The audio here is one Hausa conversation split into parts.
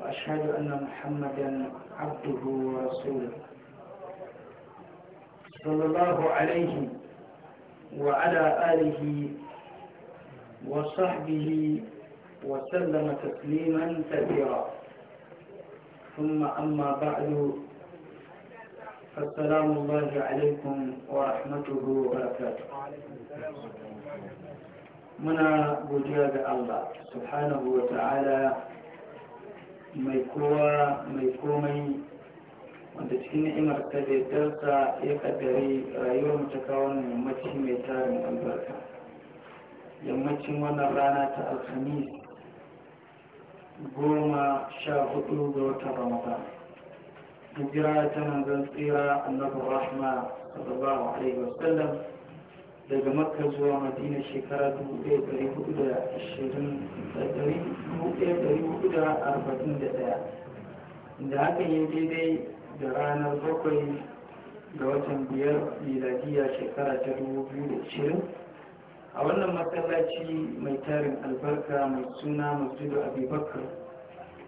وأشهد أن محمدا عبده ورسوله صلى الله عليه وعلى آله وصحبه وسلم تسليما كثيرا ثم أما بعد فالسلام الله عليكم ورحمته وبركاته منا بجاد الله سبحانه وتعالى mai kowa mai komai wanda cikin ni'imar ta bai tarsa ya kaddare rayuwar mu ta kawo yammaci mai tarin albarka yammacin wannan rana ta alhamis goma sha hudu ga watan ramadan hijira ta zan tsira annabi rahma sallallahu alaihi wasallam daga makar zuwa madina shekara 1441 da hakan ya daidai da ranar bakwai ga watan biyar miladiya shekara ta 2020 a wannan matsalaci mai tarin albarka mai suna masjidu abubakar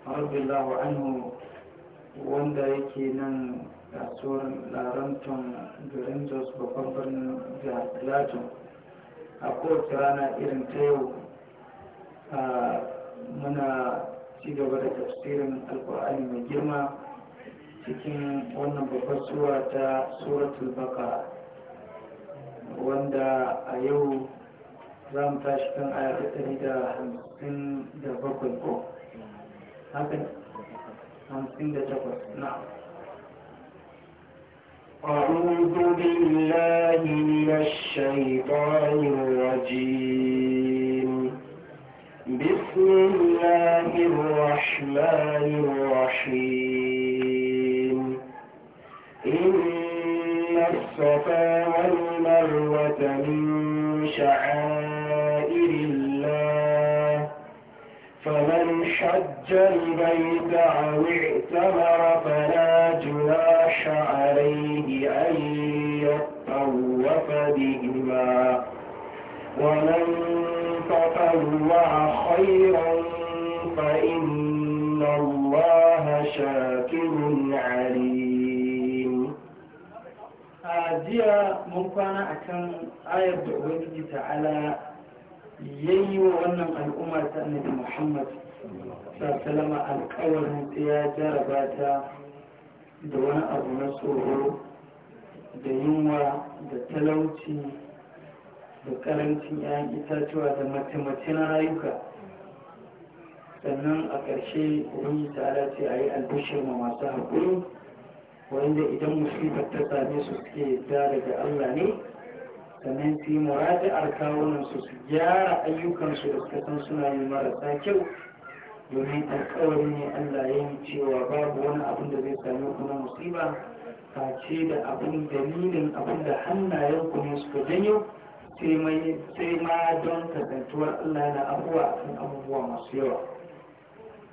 rabbi anhu wanda yake nan kasuwar larantun garin jos babban birnin jihar plateau a kowace rana irin ta yau muna ci gaba da tafsirin alkur'ani mai girma cikin wannan babbar zuwa ta suratul baka wanda a yau za mu tashi kan aya ta ɗari da hamsin da bakwai ko hakan hamsin da takwas na'am أعوذ بالله من الشيطان الرجيم بسم الله الرحمن الرحيم إن الصفا والمروة من شعائر الله فمن حج البيت أو اعتمر فلا جناح حبش عليه أن يتطوف بهما ولن تطلع خيرا فإن الله شاكر عليم أعزيا موقعنا أكن آية بعوده تعالى يي وأن الأمة النبي محمد صلى الله عليه وسلم أن الكور يا جرباتا da wani abu na tsoro da yunwa da talauci da karancin 'ya'yan itatuwa da mace-mace na rayuka sannan a ƙarshe wani tsara ce a yi albishir ma masu haƙuri wanda idan musibar ta same su suke da daga Allah ne sannan su yi murati arkawunan su su gyara ayyukansu da suka san suna yi marasa kyau domin alkawari ne Allah ya yi cewa babu wani abin da zai sami kuma musiba face da abin dalilin abin da hannayen ku ne suka janyo sai ma don kasantuwar Allah na abuwa akan abubuwa masu yawa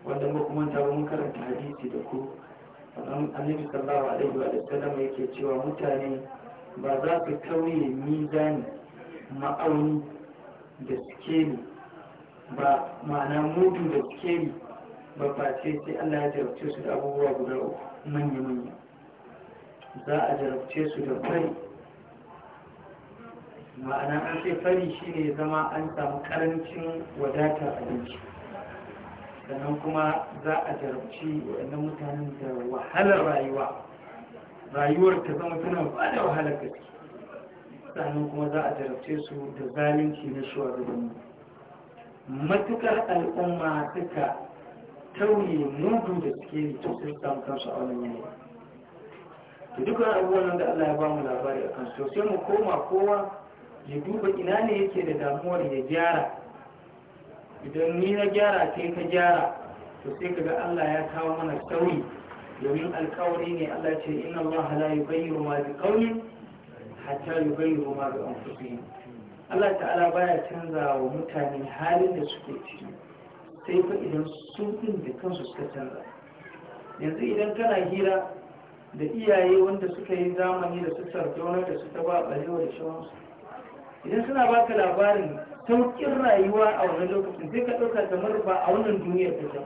wanda muka ba mun karanta hadisi da ku wannan annabi sallallahu alaihi wa sallam yake cewa mutane ba za su kauye mizani ma'auni da suke ne ba ma'ana mudu da keri ba face sai Allah ya jarabce su da abubuwa guda manya-manya za a jarabce su da fari ma'ana an sai fari shine zama an samu karancin wadatar abinci sannan kuma za a jarabci waɗannan mutanen da wahalar rayuwa rayuwar ta zama tana ba da wahalar gaske sannan kuma za a jarabce su da zalunci na shugabanni matukar al'umma suka tauye mudu da suke yi to sun samu kansu a wannan yanayi to dukkan abubuwan da Allah ya ba mu labari a kansu sai mu koma kowa ya duba ina ne yake da damuwar ya gyara idan ni na gyara sai ka gyara to sai ga Allah ya kawo mana sauyi domin alkawari ne Allah ce inna Allah la yughayyiru ma bi qaumin hatta yughayyiru ma bi anfusihim Allah ta'ala baya canza wa mutane halin da suke ciki sai fa idan sun ɗin da kansu suka canza yanzu idan kana hira da iyaye wanda suka yi zamani da su sardauna da su taba ɓarewa da shawansu idan suna baka labarin sauƙin rayuwa a wani lokacin sai ka ɗauka kamar ba a wannan duniya ta can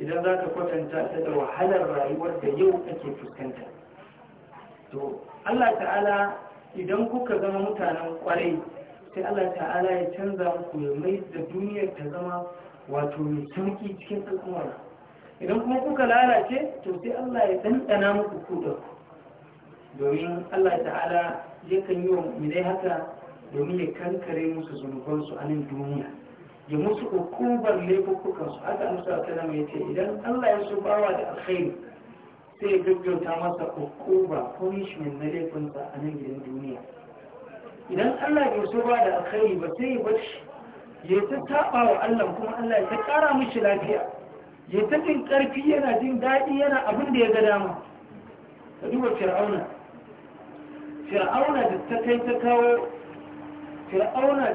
idan za ka kwatanta ta da wahalar rayuwar da yau ake fuskanta to Allah ta'ala idan kuka zama mutanen kwarai sai Allah ta'ala ya canza muku ya mai da duniyar ta zama wato mai sauki cikin al'umma idan kuma kuka lalace to sai Allah ya ɗanɗana muku kudin domin Allah ta'ala kan yi wa mai haka domin ya kankare musu zunubansu a nan duniya ya musu ukubar laifukukansu aka musu a kalama ya ce idan Allah ya so bawa da alkhairi sai ya gaggauta masa hukuma punishment na laifinsa a nan gidan duniya idan Allah ya so ba da alkhairi ba sai ya bashi ya ta taba wa Allah kuma Allah ya ta kara mishi lafiya ya ta jin karfi yana jin daɗi yana abin da ya ga dama ka duba fir'auna fir'auna da ta kai ta kawo fir'auna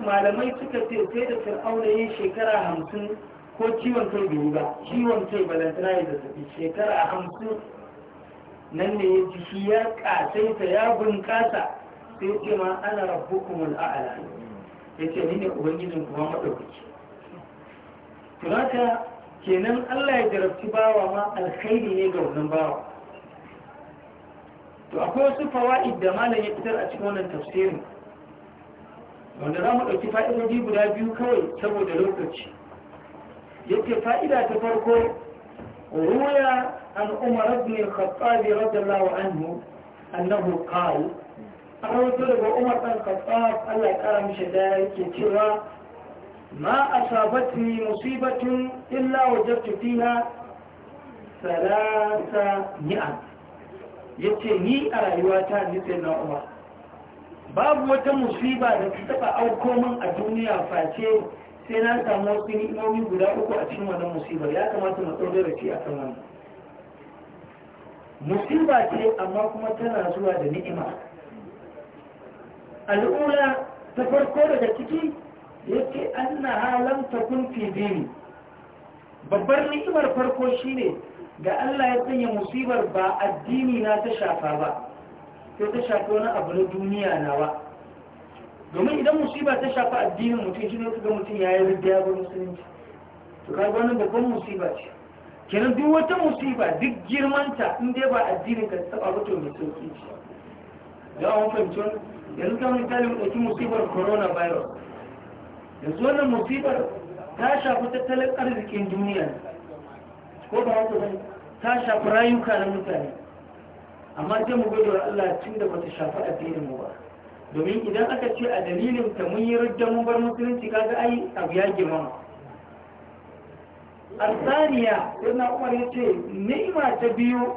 malamai suka ce sai da fir'auna yin shekara hamsin ko ciwon kai bai yi ba ciwon kai balantana ya zazzabi shekara hamsin nan ne ya ji shi ya kasaita ya bunƙasa sai ce ma ana kuma a'ala ya ce ni ne ubangijin kuma maɗaukaki tunaka kenan Allah ya jarabci bawa ma alkhairi ne ga wannan bawa to akwai wasu fawaid da malam ya fitar a cikin wannan tafsirin wanda za mu ɗauki fa'idoji guda biyu kawai saboda lokaci yake fa'ida ta farko ruwaya an umar ibn al radiyallahu anhu annahu A rawaito daga umar dan khattab Allah ya kara mishi da yake cewa ma asabatni musibatun illa wajadtu fiha salasa ni'am yace ni a rayuwata ni sai na umar babu wata musiba da ta taba auko min a duniya face sai na samu wasu ni'imomi guda uku a cikin wannan musibar ya kamata mu da darasi a kan wannan musiba ce amma kuma tana zuwa da ni'ima al'ula ta farko daga ciki an na halan ta kun fi dini babbar ni'imar farko shine ga Allah ya sanya musibar ba addini na ta shafa ba sai ta shafi wani abu na duniya ba. domin idan musiba ta shafa addinin mutum shi ne ga mutum ya yi rubda ya bar musulunci to ka ga wannan babban musiba ce kenan duk wata musiba duk girmanta in dai ba addinin ka saba ba to mai sauki ce da an fahimci wannan yanzu ta wani mu ɗauki musibar corona virus yanzu wannan musibar ta shafi tattalin arzikin duniya ko ba haka ba ta shafi rayuka na mutane amma sai mu gode wa Allah tun da bata shafi addinin mu ba domin idan aka ce a dalilin ta mun yi rudda mun bar musulunci kaga ai abu ya girma asaniya sirna umar ya ni'ima ta biyu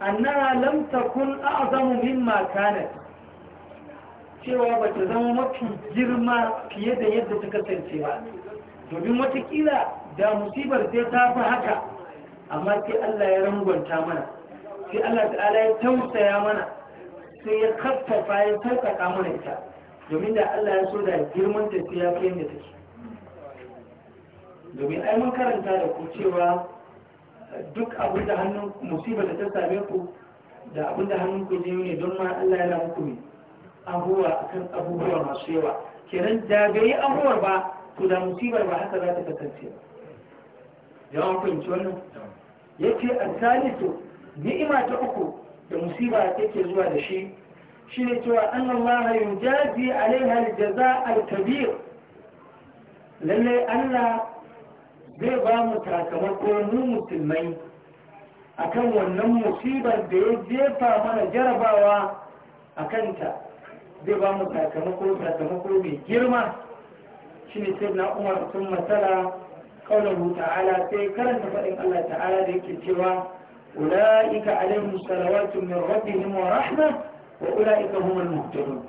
annaha lam takun a'zamu mimma kanat cewa ba ta zama mafi girma fiye da yadda ta kasance ba domin watakila da musibar sai ta fi haka amma sai Allah ya rangwanta mana sai Allah ta'ala ya tausaya mana sai ya kaffafa ya sauƙaƙa mana ita domin da Allah ya so da girman ta ya fi yadda take domin ai mun karanta da ku cewa eh, duk abin da hannun musibar da ta same ku da abin da hannun ku je ne don ma Allah yana muku ne abubuwa akan abubuwa masu yawa kenan da bai yi abubuwar ba to da musibar ba haka za ta kasance ba yawan fahimci wannan yake a salisu ni'ima ta uku da musiba ta ke zuwa da shi shi ne cewa an Allah yujazi alaiha aljaza alkabir lalle Allah zai ba mu sakamako mu musulmai akan wannan musibar da ya jefa mana jarabawa a kanta zai ba mu sakamako sakamako mai girma shi ne sai na umar sun matsala kaunar ta'ala sai karanta faɗin Allah ta'ala da yake cewa أولئك عليهم صلوات من ربهم ورحمة وأولئك هم المهتدون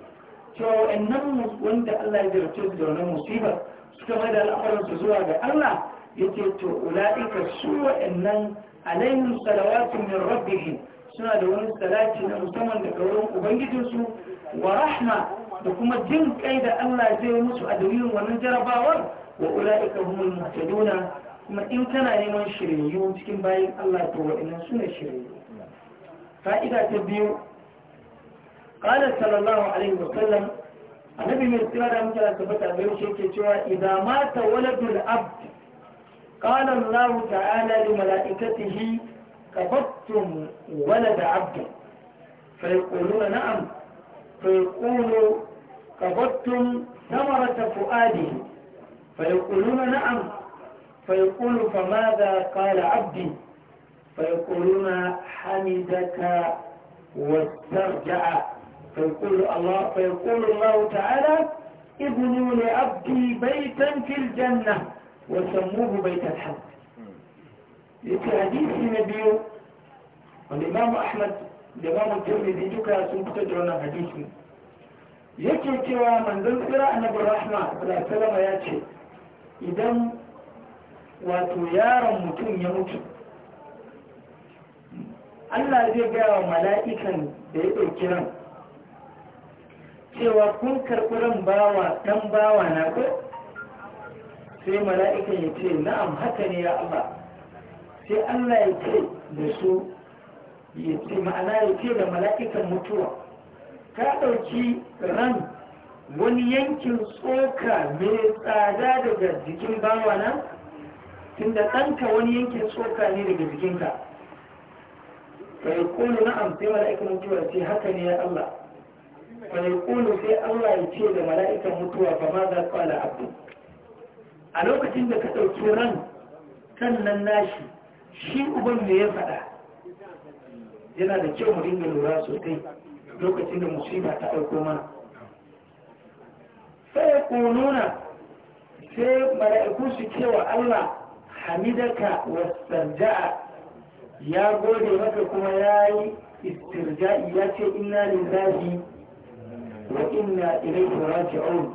cewa wa'annan wanda Allah ya jarabce su da musiba suka mai da al'amuransu zuwa ga Allah yake to ula'ika su wa'annan alaihim Salawatu min rabbihim suna da wani salati na musamman daga wurin ubangijinsu wa rahma da kuma jin kai da Allah zai musu a dalilin wannan jarabawar wa ula'ika humul muhtaduna kuma in kana neman shiryayyu cikin bayan Allah to waɗannan su ne shiryayyu Ka'ida ta biyu qala sallallahu alaihi wa sallam annabi mai tsira da muke da tabbata da yau ke cewa idza mata waladul abd qala Allah ta'ala li malaikatihi kafattum walad abd fa yaquluna na'am fa yaqulu kafattum ثمرة فؤاده فيقولون na'am. فيقول فماذا قال عبدي فيقولون حمدك واسترجع فيقول الله فيقول الله تعالى ابنوا لعبدي بيتا في الجنة وسموه بيت الحمد يتي حديث النبي والإمام أحمد الإمام الترمذي دوكا سنبتدرنا حديثه يكي cewa من tsira annabi rahma sallallahu الله wasallam ya ce idan wato yaron mutum ya mutu Allah zai gaya wa mala'ikan da ya ɗauki ran cewa kun karɓi ran bawa ɗan bawa na ko sai mala'ikan ya ce na'am haka ne ya Allah sai Allah ya ce da su ya ce ma'ana ya ce da mala'ikan mutuwa ka ɗauki ran wani yankin tsoka mai tsada daga jikin bawa na tunda ɗanka wani yankin tsoka ne daga jikinka fa yaqulu na'am sai mala'ikan mutuwa ce haka ne ya Allah fa yaqulu sai Allah ya ce da mala'ikan mutuwa fa ma za qala abdu a lokacin da ka ɗauki ran kan nan nashi shi uban me ya faɗa yana da kyau mu dinga lura sosai lokacin da musiba ta auko mana sai kununa sai mala'iku su wa Allah حمدك واسترجع يا غوري وككما ياي استرجائي ياتي إنا لله وإنا إليه راجعون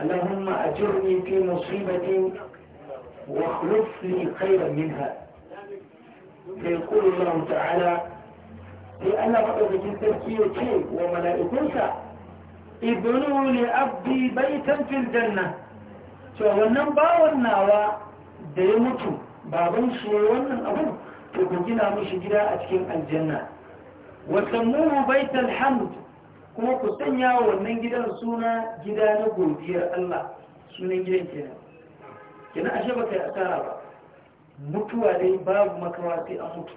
اللهم أجرني في مصيبة واخلص لي خيرا منها فيقول الله تعالى في أنا بقضي التركية وملائكوسا ابنوا لأبي بيتا في الجنة فهو النبا والنوى da ya mutu baban shi ne wannan abu to ku gina mishi gida a cikin aljanna wa sammuhu baital hamd kuma ku sanya wannan gidan suna gida na godiyar Allah sunan gidan kenan kenan ashe baka yi asara ba mutuwa dai babu makawa sai a mutu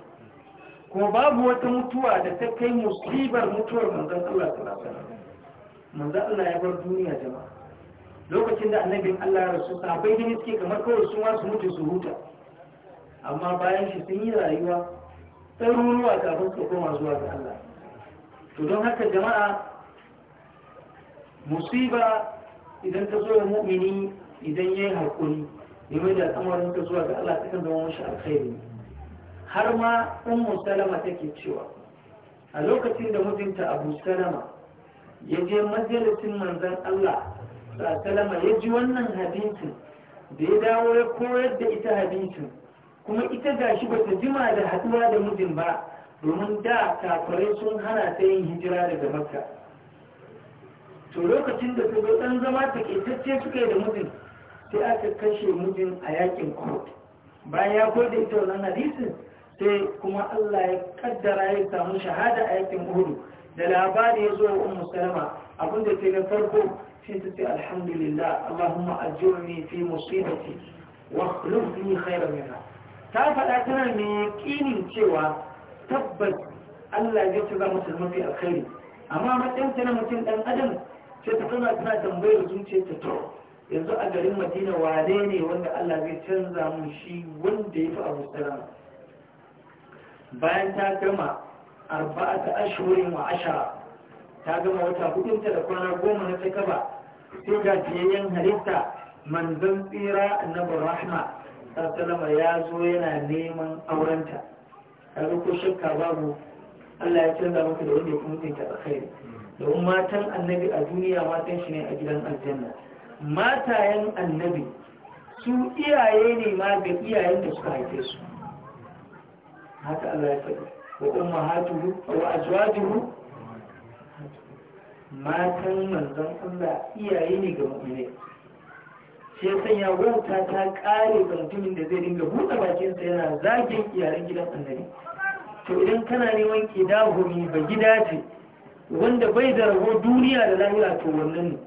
kuma babu wata mutuwa da ta kai musibar mutuwar manzon Allah sallallahu alaihi wasallam manzon Allah ya bar duniya jama'a lokacin da annabin Allah ya rasu bai gani suke kamar kawai su ma su mutu su huta amma bayan shi sun yi rayuwa ɗaruruwa kafin su koma zuwa ga Allah to don haka jama'a musiba idan ta zo da mu'mini idan ya yi haƙuri mai da al'amarin ta zuwa ga Allah ta kan zama mashi alkhairi har ma ummu salama take cewa a lokacin da mutunta abu salama ya je majalisin manzon Allah sallama ya ji wannan hadisin da ya dawo ya koyar da ita hadisin kuma ita gashi bata jima da haɗuwa da mijin ba domin da kafirai sun hana ta yin hijira daga makka to lokacin da su ɗan zama takaitacce suka yi da mijin sai aka kashe mijin a yakin kurt bayan ya koyar da ita wannan hadisin sai kuma Allah ya kaddara ya samu shahada a yakin kudu da labari ya zo wa Ummu Salama abinda ke na farko sai ta ce alhamdulillah Allahumma ajurni fi musibati wa akhlif li khairan minha ta faɗa tana mai yakinin cewa tabbas Allah zai ci za mu mafi alkhairi amma matsayin ta na mutum ɗan adam sai ta kama tana tambayar zuciyarta to yanzu a garin madina wane ne wanda allah zai canza mun shi wanda ya fi abu salama bayan ta gama arba'a ta ashirin wa ashara ta gama wata hudunta da kwana goma na ta kaba sai ga jiyayyen halitta manzon tsira na rahma sassalama ya zo yana neman aurenta a ko shakka babu Allah ya canza maka da wanda ya kuma kai alkhairi domin matan annabi a duniya matan shi ne a gidan aljanna matayen annabi su iyaye ne ma ga iyayen da suka haife su haka Allah ya faɗi wa ummahatuhu wa azwajuhu matan Manzan Allah iyaye ne ga mu'mini sai sanya wauta ta kare ga mutumin da zai dinga buɗe bakinsa yana zagin iyaren gidan annabi to idan kana neman kidahumi ba gida ce wanda bai da rabo duniya da lahira to wannan ne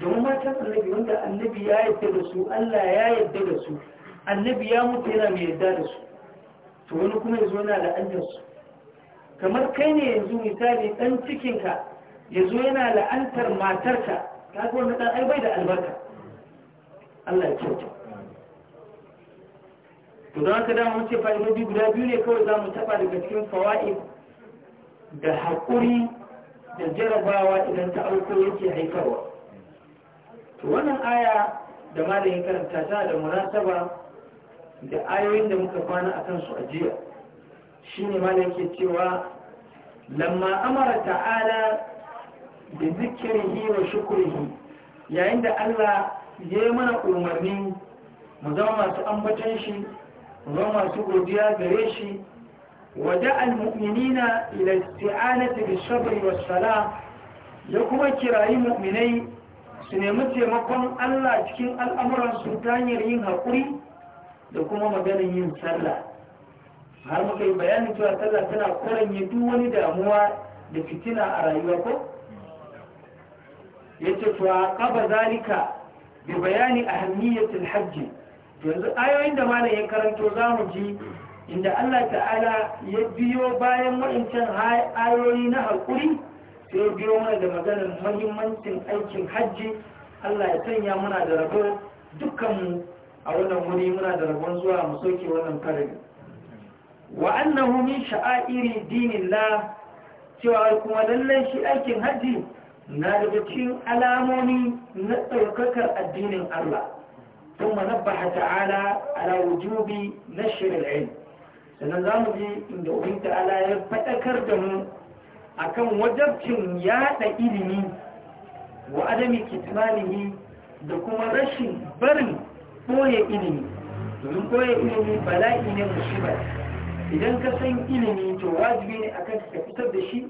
domin matan annabi wanda annabi ya yadda da su Allah ya yadda da su annabi ya mutu yana mai yadda da su to wani kuma yazo na da ajin su kamar kai ne yanzu misali dan cikinka ya yana la'antar matarka ta kuwa na ɗan albai da albarka Allah ya kyauta to don haka dama ce fa'idodi guda biyu ne kawai za mu taɓa daga cikin fawa'i da haƙuri da jarabawa idan ta auko yake haifarwa to wannan aya da malamin karanta ta da munasaba da ayoyin da muka kwana a kansu a jiya shine ne malamin ke cewa lamma amara ta'ala da zikirihi wa shukurihi yayin da Allah ya yi mana umarni mu zama masu ambatashi shi mu zama masu godiya gare shi wa da'al mu'minina ila isti'anati bi sabri was salah ya kuma kirayi mu'minai su nemi taimakon Allah cikin al'amuran su ta hanyar yin haƙuri da kuma maganin yin sallah har muka yi bayanin cewa sallah tana koranye duk wani damuwa da fitina a rayuwa ko yace fa qaba zalika bi bayani ahammiyati alhajj yanzu ayoyin da malam ya karanto zamu ji inda Allah ta'ala ya biyo bayan wa'incan ayoyi na hakuri sai biyo mana da maganar muhimmancin aikin hajji Allah ya sanya muna da rabo dukkanmu a wannan wuri muna da rabon zuwa mu soke wannan karami wa annahu min sha'airi dinillah cewa kuma lallai shi aikin hajji na daga cikin alamomi na ɗaukakar addinin Allah ثم نبه ta'ala على وجوب نشر العلم sannan za mu ji inda ubin ta'ala ya faɗakar da mu akan wajabcin yaɗa ilimi wa adami kitmanihi da kuma rashin barin ɓoye ilimi domin ɓoye ilimi bala'i ne ba idan ka san ilimi to wajibi ne kan ka fitar da shi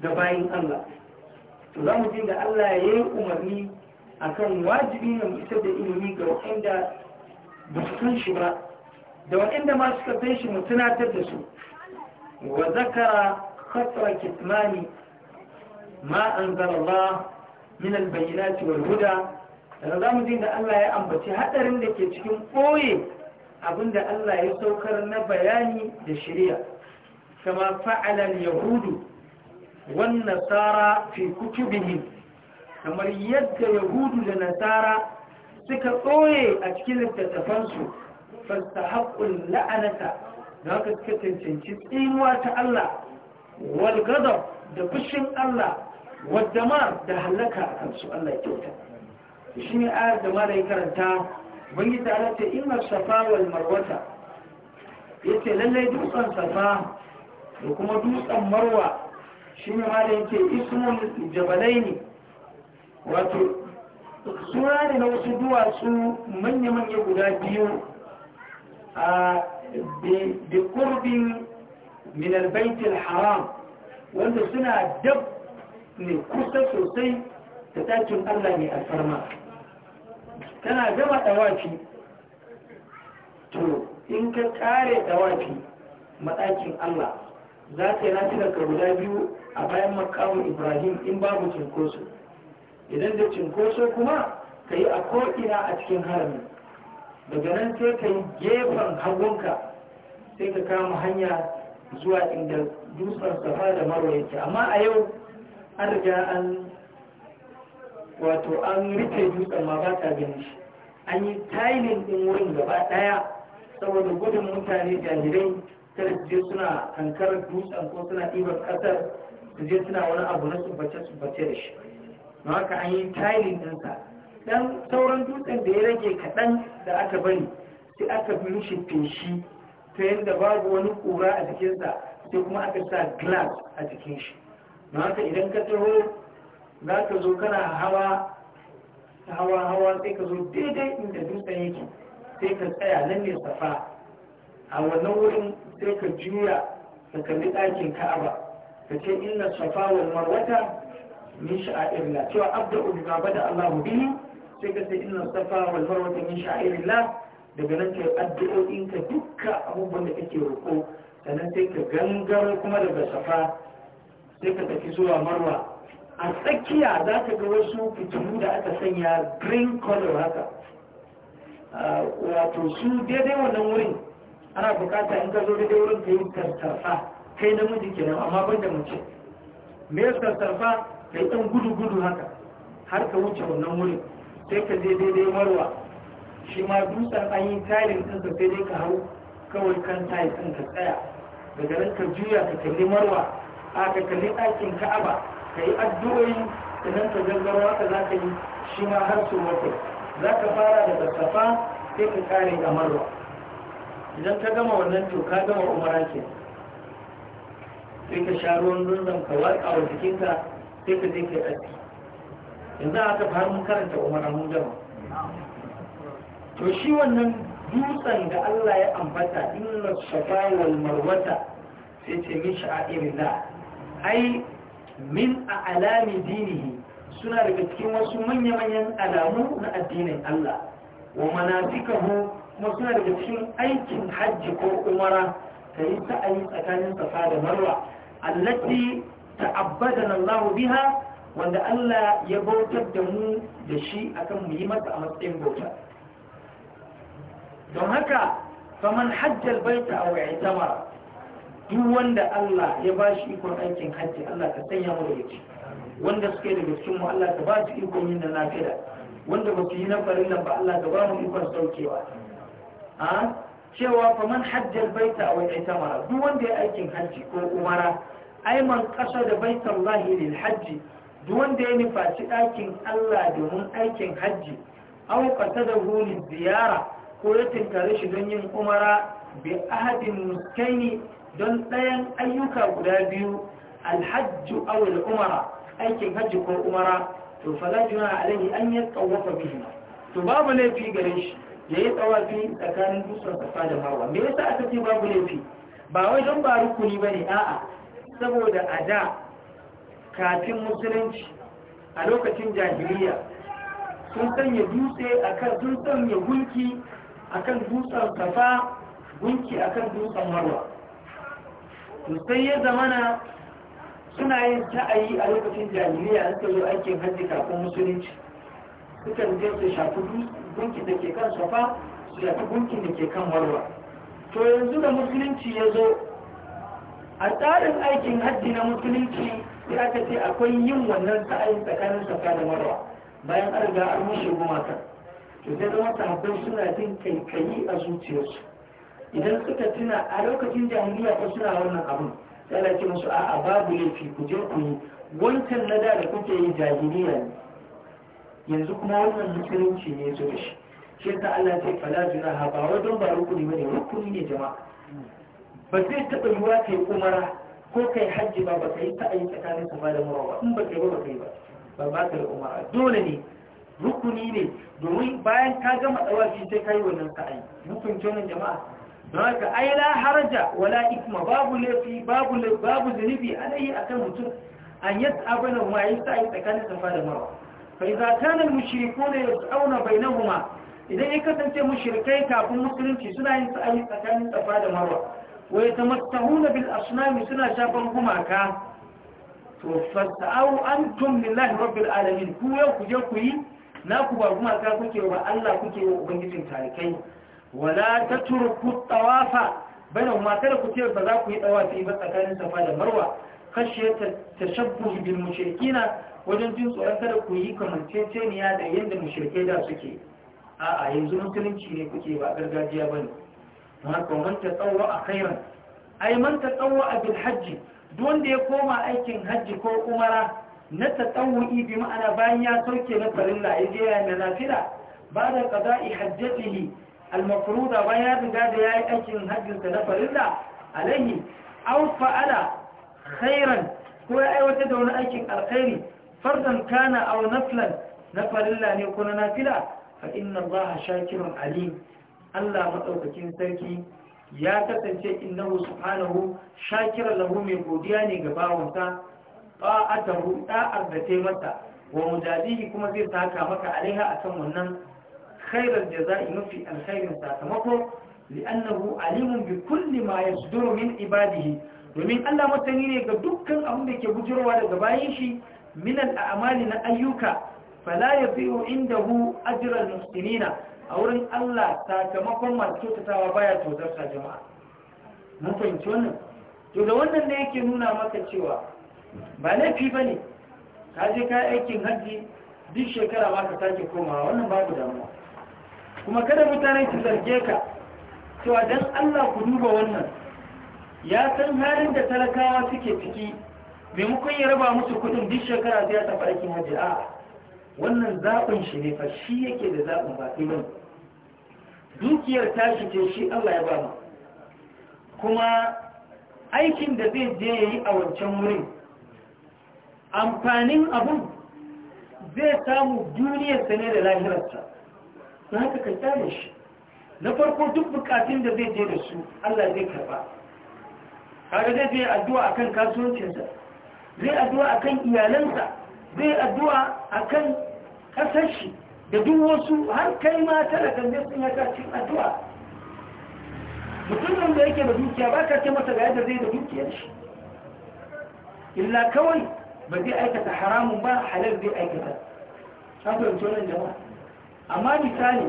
ga bayan Allah to za mu dinga Allah ya yi umarni akan wajibi na mu isar da ilimi ga waɗanda ba su san shi ba da waɗanda ma suka san shi mu tunatar da su wa zakara khatra kitmani ma anzala Allah min al-bayyinati wal huda da za mu dinga Allah ya ambaci hadarin da ke cikin koye abinda Allah ya saukar na bayani da shari'a kama fa'ala yahudu wannan tsara fi kutubihi kamar yadda yahudu da nasara suka tsoye a cikin littattafansu fasta haƙƙun la'anata da haka suka cancanci tsinuwa ta Allah walgadar da fushin Allah wadda ma da halaka a kansu Allah kyauta shi ne da ma da ya karanta bangi ta halatta imar safa wal marwata ya ce lallai dutsen safa da kuma dutsen marwa shi ne ma da yake ismul jabalaini wato suna ne na wasu duwatsu manya-manya guda biyu a da kurbin minal baitul haram wanda suna dab ne kusa sosai da takin allah a alfarma tana gama dawaki to in ka kare dawaki matakin allah za ta yi nafi guda biyu a bayan makamun ibrahim in babu cinkoso idan da cinkoso kuma ka yi a ko'ina a cikin harami daga nan sai ka yi gefen hagunka sai ka kama hanya zuwa inda dutsen safa da marwa yake amma a yau an riga an wato an rufe dutsen ma ba ta gani shi an yi tailin din wurin gaba daya saboda gudun mutane jarirai kada su je suna kankarar dutsen ko suna ɗibar ƙasar su je suna wani abu na sumbace sumbace da shi don haka an yi tailin ɗinsa dan sauran dutsen da ya rage kaɗan da aka bari sai aka bi rushe feshi ta yadda babu wani ƙura a jikinsa sai kuma aka sa glass a jikin shi don haka idan ka taho za ka zo kana hawa hawa hawa sai ka zo daidai inda dutsen yake sai ka tsaya nan ne safa a wannan wurin sai ka juya ka kalli ɗakin ka'aba ka ce inna safa wal marwata min sha'airillah cewa abda'u bima da Allah bihi sai ka ce inna safa wal marwata min sha'airillah daga nan ka addu'o'in ka dukkan abubuwan da kake roƙo sannan sai ka gangaro kuma daga safa sai ka tafi zuwa marwa a tsakiya za ka ga wasu fitilu da aka sanya green color haka ah, wato su daidai wannan wurin ana bukata in ka zo da daurin ka yi sassarfa kai namiji kenan amma ban da mace me ya ka yi dan gudu-gudu haka har ka wuce wannan wuri sai ka je daidai marwa shi ma dutsen an yi tarin ka sai dai ka hau kawai kan tayi ɗin ka tsaya daga nan ka juya ka kalli marwa a ka kalli ɗakin ka'aba ka yi addu'o'i sannan ka gangaro ka za ka yi shi ma har su wata za ka fara da tattafa sai ka kare a marwa idan ka gama wannan to ka gama umara ke sai ka sha ruwan dundun ka a jikinka sai ka je kai aiki. yanzu aka fara mun karanta umara mun gama to shi wannan dutsen da Allah ya ambata inna safa wal marwata sai ce min da. ai min a'lami dinihi suna daga cikin wasu manya-manyan alamu na addinin Allah wa manasikahu kuma suna daga cikin aikin hajji ko umara ka yi sa'ayi tsakanin safa da marwa allati ta'abbadana Allah biha wanda Allah ya bautar da mu da shi akan mu yi masa a matsayin bauta don haka faman hajjal baita aw i'tamara duk wanda Allah ya ba shi ikon aikin hajji Allah ka sanya mu daga wanda suke daga cikin mu Allah ka ba su ikon yin da wanda ba su yi na farin nan ba Allah ka ba mu ikon saukewa a cewa man hajjar baita a wani itamara duk wanda ya aikin hajji ko umara ai man kasa da baitan lahi lil hajji duk wanda ya nufaci ɗakin allah domin aikin hajji aw kwata da huni ziyara ko ya tinkare shi don yin umara bi ahadin muskaini don ɗayan ayyuka guda biyu alhajju aw umara aikin hajji ko umara to la juna alaihi an yatawafa bihi to babu laifi gare shi ya yi tsawafi tsakanin dutsen safa da marwa me yasa aka ce babu laifi ba wai don ba rukuni ba ne a'a saboda a da kafin musulunci a lokacin jahiliya sun sanya dutse akan sun sanya gunki akan dutsen safa gunki akan dutsen marwa sai ya zamana suna yin ta'ayi a lokacin jahiliya an zo aikin hajji kafin musulunci sukan je su shafi dutse gunkin da ke kan safa su yafi gunkin da ke kan marwa to yanzu da musulunci ya zo a tsarin aikin haddi na musulunci ya ka ce akwai yin wannan sa'ayin tsakanin safa da marwa bayan an riga an rushe gumaka to sai zama sahabbai suna jin kaikayi a zuciyarsu idan suka tuna a lokacin jahiliya ko suna wannan abun sai ake musu a'a babu laifi ku je ku yi wancan na da kuke yi jahiliya ne yanzu kuma wannan musulunci ne zo da shi shi ta Allah ce fala ha ba wai don ba rukuni bane rukuni ne jama'a ba zai taɓa yiwa yi umara ko kai hajji ba ba ka yi ta'ayi tsakanin su ba da mura ba in ba kai ba ba kai ba ba ba ka yi umara dole ne rukuni ne domin bayan ka gama shi sai ka yi wannan ta'ayi rukun jonin jama'a don haka ai la haraja wala ikma babu laifi babu babu zunubi alai akan mutum an yasa abana ma yi ta'ayi tsakanin safa da marwa da ne فإذا كان bai na بينهما idan ya kasance mushrikai kafin musulunci suna yin sa'ayi tsakanin safa da marwa wa yatamattahuna bil asnami suna shafan gumaka to fasta'u antum lillahi rabbil alamin ku ya ku je ku yi na ku ba gumaka kuke ba Allah kuke wa ubangijin tarikai wala tatruku tawafa bana ma kada ku ce ba za ku yi tawafi ba tsakanin tsafa da marwa kashe ta tashabbuh bil mushrikina wajen jin tsoron kada ku yi kamanceceniya da yadda mushrikai da suke a'a yanzu musulunci ne kuke ba gargajiya ba ne haka man ta tsawo a kairan ai man ta tsawo a bilhajji. duk ya koma aikin hajji ko umara na ta tsawo ibi ma'ana bayan ya sauke na farilla ya je na nafila ba da i hajjatihi al-mafruda bayan ya riga da yayi aikin hajjinsa na farilla alaihi aw fa'ala khairan ko ya aiwata da wani aikin alkhairi fardan kana aw naflan na ne ko na nafila fa inna allaha shakirun alim Allah madaukakin sarki ya kasance innahu subhanahu shakiran lahu mai godiya ne ga bawansa ta'atahu da'ar da ta mata. wa mujadihi kuma zai saka maka alaiha akan wannan khairar jaza'i mafi alkhairin sakamako li'annahu alimun bi kulli ma yasduru min ibadihi domin Allah masani ne ga dukkan abin da ke bujirowa daga bayan shi minan a'amali na ayyuka fala yafi'u indahu ajral muhsinina a wurin Allah sakamakon masu kyautatawa baya tozarta jama'a mun fahimci wannan to da wannan ne yake nuna maka cewa ba laifi bane ka je ka aikin hajji duk shekara ma ka sake komawa wannan ku damuwa kuma kada mutane su zarge ka cewa dan Allah ku duba wannan ya san halin da talakawa suke ciki maimakon ya raba musu kudin duk shekara zai tafi aikin hajji a wannan zaɓin shi ne fa shi yake da zaɓin ba kai bane dukiyar tashi ce shi Allah ya ba mu kuma aikin da zai je yayi a wancan wurin amfanin abu zai samu duniyarsa ne da lahirarsa na haka ka shi na farko duk bukatun da zai je da su Allah zai karba kaga zai je addu'a akan kasuwancinsa zai addu'a akan iyalansa zai addu'a akan kasar shi da duk wasu har kai ma talakan zai sun yaka cin addu'a mutumin da yake da dukiya ba ka ce masa ga yadda zai da dukiyar shi illa kawai ba zai aikata haramun ba halal zai aikata an fahimci da jama'a amma misali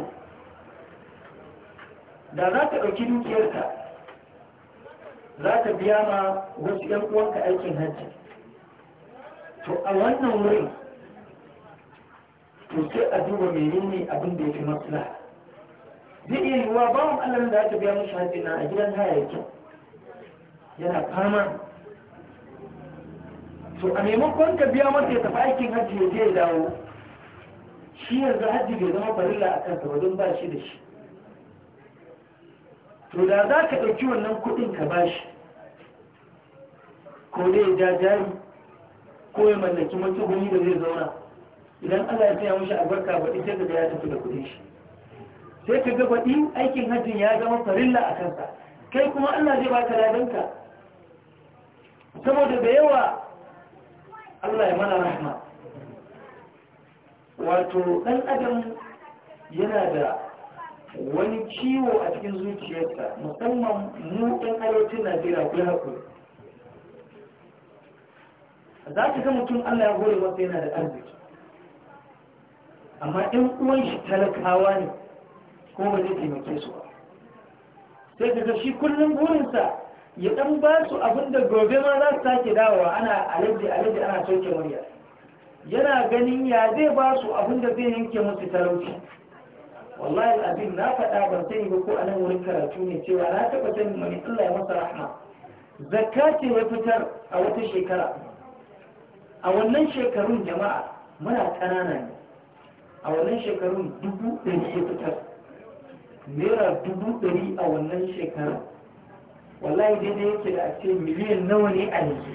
da za ta ɗauki dukiyarka za ta biya ma wasu ‘yan uwanka aikin hajji to a wannan wurin to sai a duba menene abin da ya fi matsala zai iya yiwuwa bawan allah da aka biya mashi hajji na a gidan hayayyakin yana fama to a maimakon ka biya masa ya tafi aikin hajji ya je ya dawo shi yanzu hajji bai zama farilla a kansa don ba shi da shi to da za ka ɗauki wannan kuɗin ka ba shi ko dai ya ja jari ko ya mallaki wasu guri da zai zauna idan Allah ya taya mushi albarka baɗi ita da ya tafi da kuɗin shi sai ga baɗi aikin hajjin ya zama farilla a kansa kai kuma Allah zai baka ladanka saboda da yawa Allah ya mana rahma wato dan adam yana da wani ciwo a cikin zuciyarsa musamman mu ɗan arewacin najeriya ko haƙuri za ga mutum Allah ya gore masa yana da arziki amma 'yan uwan shi talakawa ne ko ba zai taimake su ba sai ka ga shi kullum burinsa ya dan ba su abin da gobe ma za su sake dawowa ana alaji alaji ana soke murya yana ganin ya zai ba su abin da zai yanke musu talauci wallahi abin na faɗa ban sani ba ko a nan wurin karatu ne cewa na taɓa sani, wani Allah ya masa rahma zakka ya fitar a wata shekara a wannan shekarun jama'a muna ƙanana ne a wannan shekarun dubu ɗari ya fitar naira dubu ɗari a wannan shekarun wallahi daidai yake da ake miliyan nawa ne a yanzu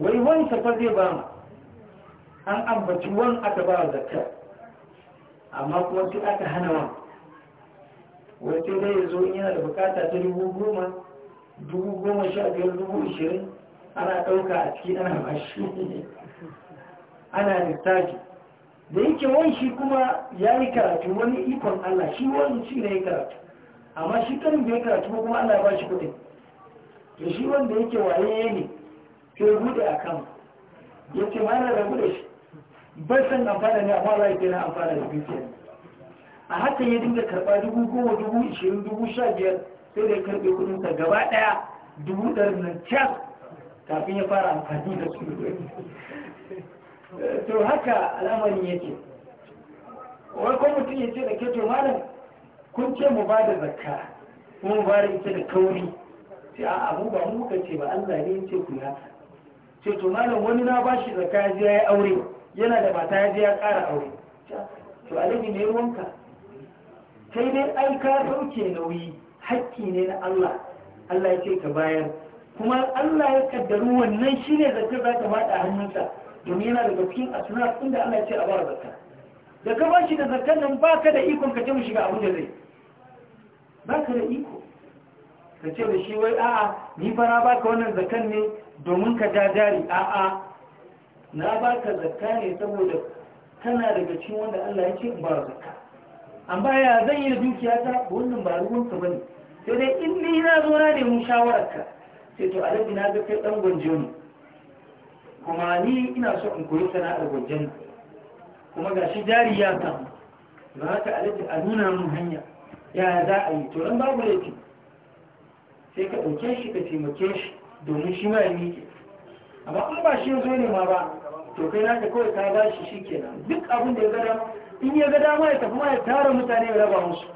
wai wani safar zai ba mu an ambaci wani aka ba wa zakka amma kuma sai aka hana wa Wace dai ya zo in yana da bukata ta dubu goma dubu goma sha biyar dubu ashirin ana ɗauka a ciki ana mashi ana littafi da yake wani shi kuma ya yi karatu wani ikon Allah shi wani shi ne ya karatu amma shi kanin ya karatu ko kuma Allah ba shi kuɗi to shi wanda yake waye ne ke bude a kan ya ce ma yana rabu da shi ba san amfana ne amma Allah ya na amfana da dukiyar a haka ya dinga karɓa dubu goma dubu ishirin dubu sha biyar sai da ya karɓe kudinsa gaba ɗaya dubu ɗari nan cas kafin ya fara amfani da su to haka al'amarin yake wai kuma mutum ya ce da ke to malam kun ce mu ba da zakka kuma mu ba da ita da kauri sai a abu ba mu ka ce ba Allah ne ya ce ku ya ce to malam wani na ba shi zakka ya je ya yi aure yana da mata ya je ya ƙara aure to alaji ne ruwanka kai dai ai ka sauke nauyi hakki ne na Allah Allah ya ce ka bayar kuma Allah ya kaddaru wannan shi ne zakar za ta fada hannunsa domin yana daga cikin asuna inda Allah ya ce a bara zakka da ka ba shi da zakkan nan ba ka da ikon ka ce mu shiga abin da zai ba ka da iko ka ce da shi wai a'a ni ba na baka wannan zakkan ne domin ka jajari a'a na baka zakka ne saboda kana daga cikin wanda Allah ya ce in bara zakka amma ya zan yi da dukiya ta wannan ba ka bane sai dai in ni na zo na nemi shawararka sai to alabi na ga kai dan gwanje mu kuma ni ina so in koyi sana'ar gwanjen kuma ga shi jari ya samu ba ta alabi a nuna mun hanya ya za a yi to nan babu laifi sai ka dauke shi ka taimake shi domin shi ma ya miƙe amma in ba shi ya zo ne ma ba to kai na ka kawai ka ba shi shi kenan duk abin da ya gada in ya gada ma ya tafi ma ya tara mutane ya raba musu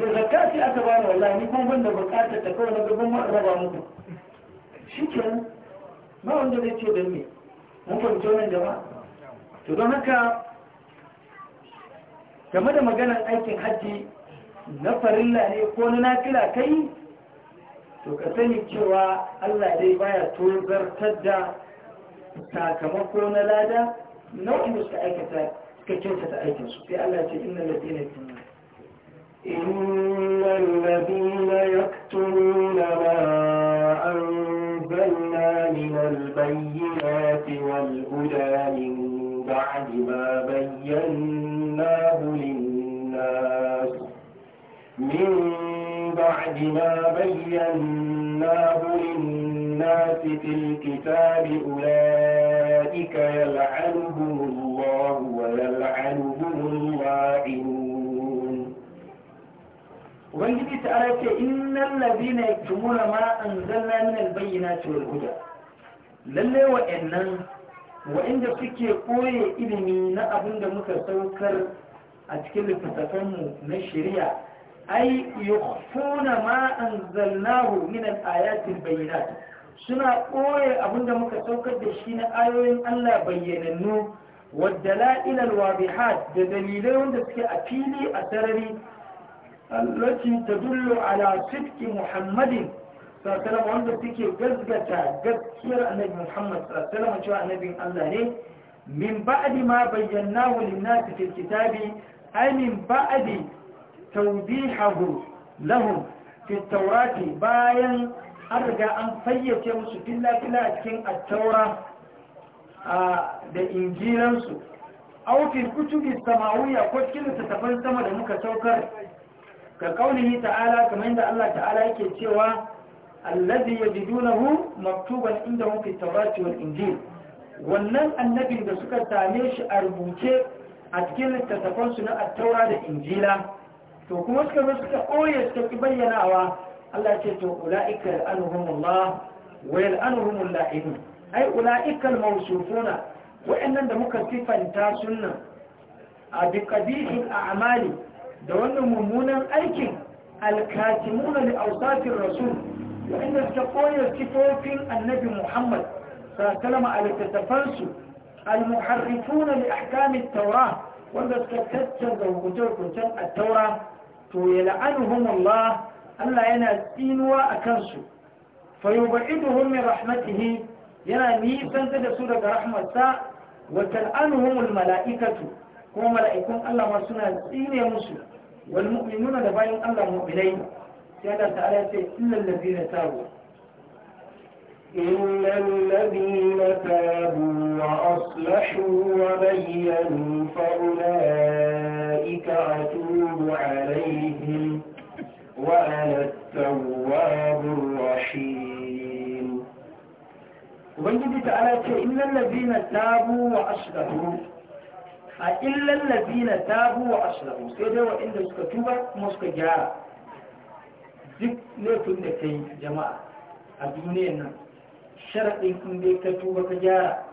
to zakka sai aka bani wallahi ni kuma ban da bukata ta kawai na gaban ma raba muku shikenan ba wanda zai ce don me mun fahimci wannan jama'a to don haka game da maganar aikin hajji na farilla ne ko na nafila kai to ka sani cewa Allah dai baya tozartar da sakamako na lada nau'in da suka aikata suka kyautata aikinsu sai Allah ce inna ladina إن الذين يكتمون ما أنزلنا من البينات والهدى من بعد ما بيناه للناس من بعد ما بيناه للناس في الكتاب أولئك يلعنهم الله ويلعنهم اللاعنون ubangiji ta ala ce innal ladina yaktumuna ma anzalna min albayyinati wal huda lalle wa'annan wa'inda suke koye ilimi na abin da muka saukar a cikin littattafanmu na shari'a ai yukhfuna ma anzalnahu min al-ayati bayyinat suna koye abin da muka saukar da shi na ayoyin Allah bayyanannu wadda la'ilal wabihat da dalilai wanda suke a fili a sarari التي تدل على صدق محمد صلى wanda suke gazgata gaskiyar annabi Muhammad sallallahu alaihi wasallam cewa Allah ne min ba'di ma bayyanahu lin-nas fil kitabi ay min ba'di tawdihahu lahum fi bayan an riga an fayyace musu filla a cikin at da injilansu aw fil kutubi samawiyya ko cikin littattafan sama da muka saukar ka kaunihi ta'ala kamar yadda Allah ta'ala yake cewa allazi yajidunahu maktuban indahum fi tawrati wal injil wannan annabin da suka same shi a rubuce a cikin littattafan su na attaura da injila to kuma suka zo suka koye suka ki bayyanawa Allah ce to ulaika al'anuhumullah wa yal'anuhumul la'inun ai ulaika al-mawsufuna wa'annan da muka sifanta sunna a biqabihi al-a'mali da wannan mummunan aikin alkatimuna da ausatin rasul wa'inda suka koya sifofin annabi muhammad sallama a almuharrifuna da ahkamin taura wanda suka tattaga hukuncen a taura to ya la'anuhumullah Allah yana tsinuwa a kansu fayuba'iduhum min rahmatihi yana nisanta da su daga rahmatsa wa tal'anuhumul mala'ikatu kuma mala'ikun Allah ma suna tsine musu والمؤمنون da الله المؤمنين سيادة تعالى يقول ta'ala الذين تابوا إلا الذين تابوا وأصلحوا وبينوا فأولئك أتوب عليهم وأنا التواب الرحيم وبنجد تعالى إلا الذين تابوا وأصلحوا a illan labina tabu wa ashrabu sai dai inda suka tuba kuma suka gyara duk laifin da ta yi jama'a a duniyan nan sharaɗin kun dai ka tuba ka gyara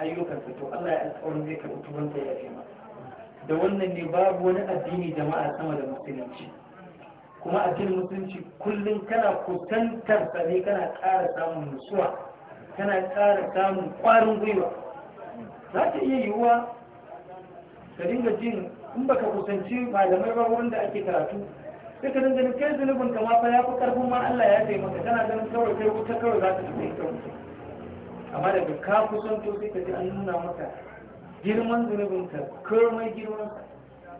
ayyukansa to Allah ya alƙawarin zai karɓi tuban ta ya ma da wannan ne babu wani addini jama'a sama da musulunci kuma addinin musulunci kullum kana kusantar sa ne kana ƙara samun nutsuwa kana ƙara samun ƙwarin gwiwa za ta iya yiwuwa ka dinga jin in baka kusanci malamai ba wanda ake karatu sai ka dinga kai zunubin ka ma fa ya fi karfin ma Allah ya taimaka kana ganin kawai kai wuta kawai za ka tafi kawai amma daga ka kusanto sai ka ji an nuna maka girman zunubin ka komai girman ka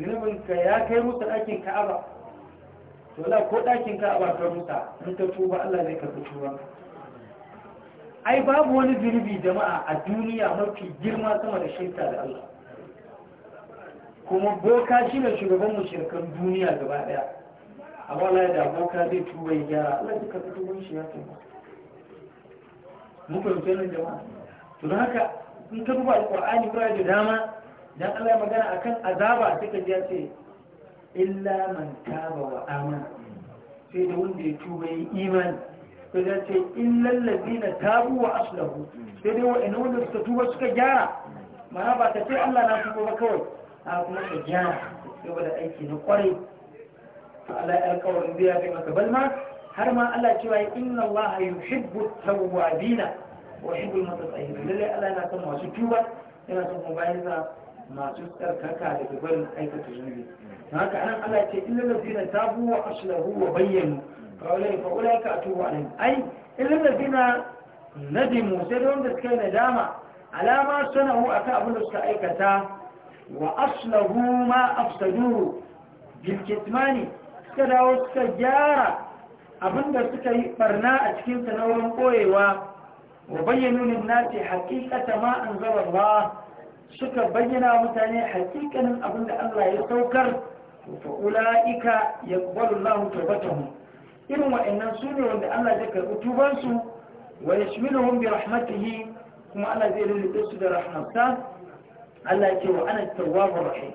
zunubin ka ya kai rusa ɗakin ka'aba to la ko ɗakin ka'aba ka rusa in ka tuba Allah zai karɓi tuban ai babu wani zunubi jama'a a duniya mafi girma sama da shirka da Allah kuma boka shi ne shugaban mushirkan duniya gaba daya a wala da boka zai tuba ya gyara Allah duka ka tuba shi ya tuba mu fahimta nan jama'a to don haka in ka duba alqur'ani kura da dama dan Allah ya magana akan azaba take ji ya ce illa man taba wa amana sai da wanda ya tuba ya imani sai da ce illal ladina tabu wa aslahu sai dai wa'annan wanda suka tuba suka gyara ma ba ta ce Allah na tuba ba kawai har kuma ka gyara gaba da aiki na kwarai to Allah ya alƙawarin biya kai maka bal ma har ma Allah cewa inna Allah yuhibbu tawwabina wa yuhibbul mutatahhirin lalle Allah yana son masu tuba yana son kuma bayan sa masu tsarkaka daga barin aikata zunubi don haka anan Allah ce illa lazina tabu wa aslahu wa bayyanu fa ulai fa ulai ka atubu alaihim ai illa lazina nadimu sai da wanda suka yi nadama alama sanahu akan abin da suka aikata وأصله ما أفسدوه بالكتمان سكدا وسكجارة أبدا سكي برناء تكين تنورم قويوا وبينوا للناس حقيقة ما أنزل الله سكا بينا متاني حقيقة من أبدا الله يتوكر فأولئك يقبل الله توبتهم إنه وإن سوني وإن الله ذكر أتوبانسو ويشملهم برحمته كما الله ذي للقصد رحمته Allah ya wa ana ba rahim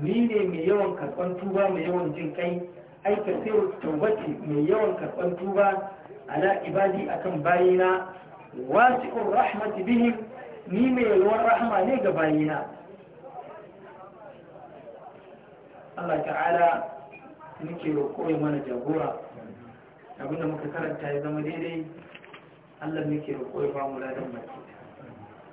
ni ne mai yawan karban tuba mai yawan jin kai ai kasiru tawbati mai yawan karban tuba ala ibadi akan bayina wasi'ur rahmati bihim ni mai yawan rahma ne ga bayina Allah ta'ala nake roƙoye mana jagora abinda muka karanta ya zama daidai Allah nake roƙoye ba mu ladan mai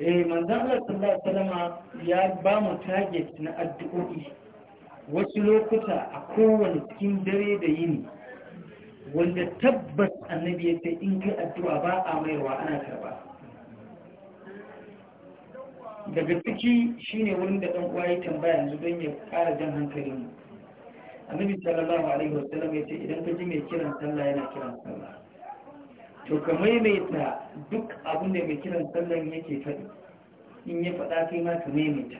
eh manzan Allah sallallahu salama ya ba mu target na addu'o'i wasu lokuta a kowane cikin dare da yini wanda tabbas annabi ya ce in kai addu'a ba a maiwa ana karba daga ciki shine wurin da dan uwa ya tambaya yanzu don ya kara jan hankali annabi sallallahu alaihi wasallam ya ce idan ka ji mai kiran sallah yana kiran sallah to ka maimaita duk abin da mai kiran sallan yake faɗi in ya faɗa kai ma ka maimaita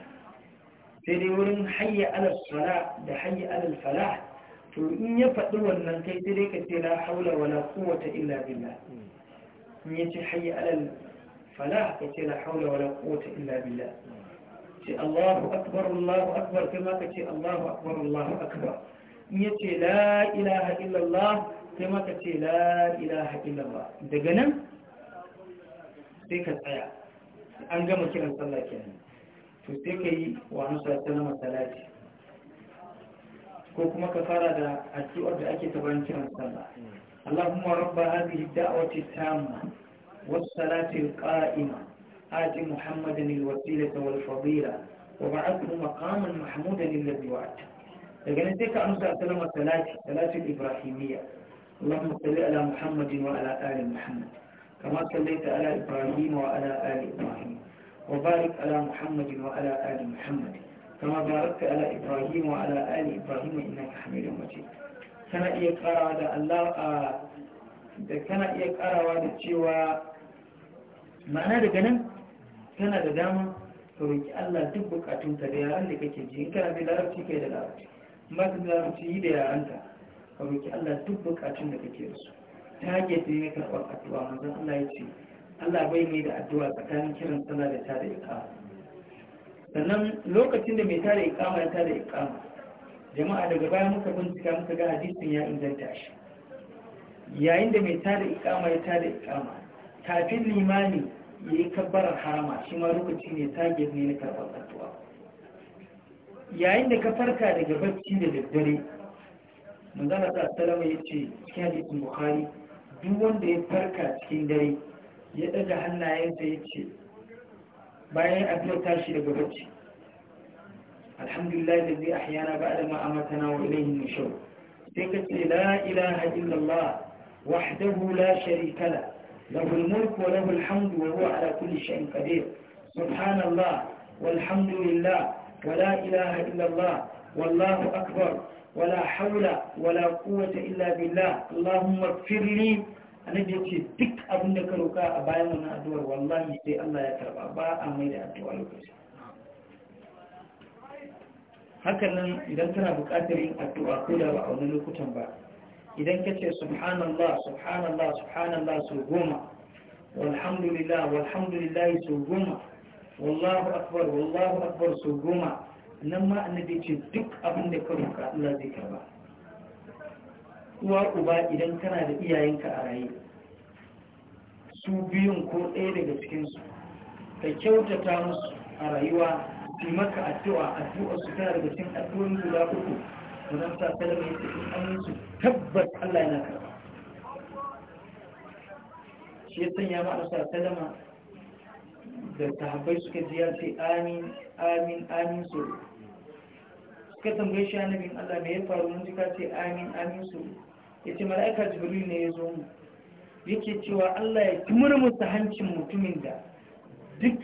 sai dai wurin hayya alal sala da hayya alal fala to in ya faɗi wannan kai sai dai ka ce la haula wala quwwata illa billah in ya ce hayya alal fala ka ce la haula wala quwwata illa billah ce Allahu akbar Allahu akbar kai ma ka ce Allahu akbar Allahu akbar in ya ce la ilaha illallah sai maka ce la ilaha ba daga nan sai ka tsaya an gama kiran sallah kenan to sai ka yi wa nusa sallama salati ko kuma ka fara da addu'ar da ake ta kiran sallah Allahumma rabba hadhihi da'wati tamma wasu salatin al-qa'ima ati Muhammadan al walfabira wal fadila wa ba'athu maqaman mahmudan alladhi daga nan sai ka amsa salama salati salatin ibrahimiyya اللهم صل على محمد وعلى آل محمد كما صليت على إبراهيم وعلى آل إبراهيم وبارك على محمد وعلى آل محمد كما باركت على إبراهيم وعلى آل إبراهيم إنك حميد مجيد كان يقرأ da Allah da kana iya karawa da cewa ma'ana daga nan tana da dama ka roƙi Allah duk bukatunka da yaran da kake ji in kana da larabci kai da larabci ba ka da larabci yi da yaranka ka Allah duk bukatun da kake da su ta hanyar da ya karɓar addu'a manzon Allah ya ce Allah bai mai da addu'a tsakanin kiran sallah da tada iqama sannan lokacin da mai tada iqama ya tada iqama jama'a daga baya muka bincika muka ga hadisin ya inganta shi yayin da mai tada iqama ya tada iqama kafin limani ya yi kabbarar harama shi ma lokaci ne target ne na karɓar addu'a yayin da ka farka daga bacci da daddare manzana ta salama ya ce cikin hadisin bukhari duk wanda ya farka cikin dare ya daga hannayensa ya ce bayan ya tashi daga bacci alhamdulillah da zai ahyana ba da ma'amatana wa ilayhin nushau sai ka ce la ilaha illallah wahdahu la sharika la lahu almulk wa lahu alhamdu wa huwa ala kulli shay'in qadir subhanallah walhamdulillah wa la ilaha illallah wallahu akbar ولا حول ولا قوة إلا بالله اللهم اغفر لي annabi ya ce duk abin da ka roka a bayan wannan addu'ar wallahi sai Allah ya karba ba a mai da addu'a nan idan kana buƙatar yin addu'a ko da ba wani lokutan ba idan ka ce subhanallah subhanallah subhanallah su goma su akbar wallahu akbar su goma nan ma annabi ce duk abin da ka roƙa Allah zai karba uwa uba idan kana da iyayenka a raye su biyun ko ɗaya daga cikinsu ka kyautata musu a rayuwa su maka addu'a addu'a su kana daga cikin addu'o'in guda uku wannan ta kalma yake in an su tabbas Allah yana karba shi ya sanya ma sa kalma da sahabbai suka ji ya ce amin amin amin so ka tambaye shi annabin Allah me ya faru mun ji ka ce amin amin su yace mala'ika jibril ne ya zo mu yake cewa Allah ya musu hancin mutumin da duk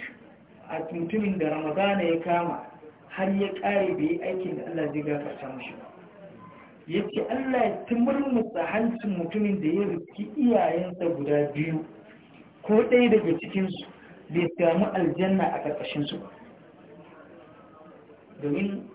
a mutumin da ramadana ya kama har ya kare bai yi aikin da Allah zai gafarta mashi ba yace Allah ya musu hancin mutumin da ya riski iyayensa guda biyu ko ɗaya daga cikinsu bai samu aljanna a ƙarƙashinsu ba domin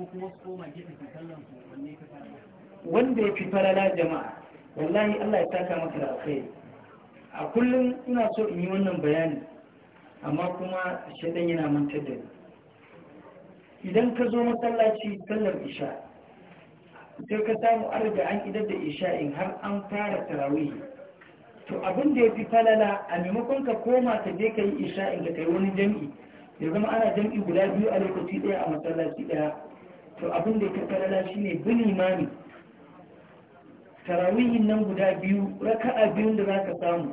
ko kuma koma kallon su wanne ka fara wanda ya fi farala jama'a wallahi Allah ya taka maka da alkhairi a kullum ina so in yi wannan bayani amma kuma shaidan yana mantar da ni idan ka zo masallaci sallar isha sai ka samu arga an idar da isha'in har an fara tarawih to abin da ya fi falala a maimakon ka koma ka je ka yi isha'in ka kai wani jam'i ya zama ana jam'i guda biyu a lokaci ɗaya a masallaci daya to abin da ka karala ne bin imani tarawihin nan guda biyu raka'a biyun da za ka samu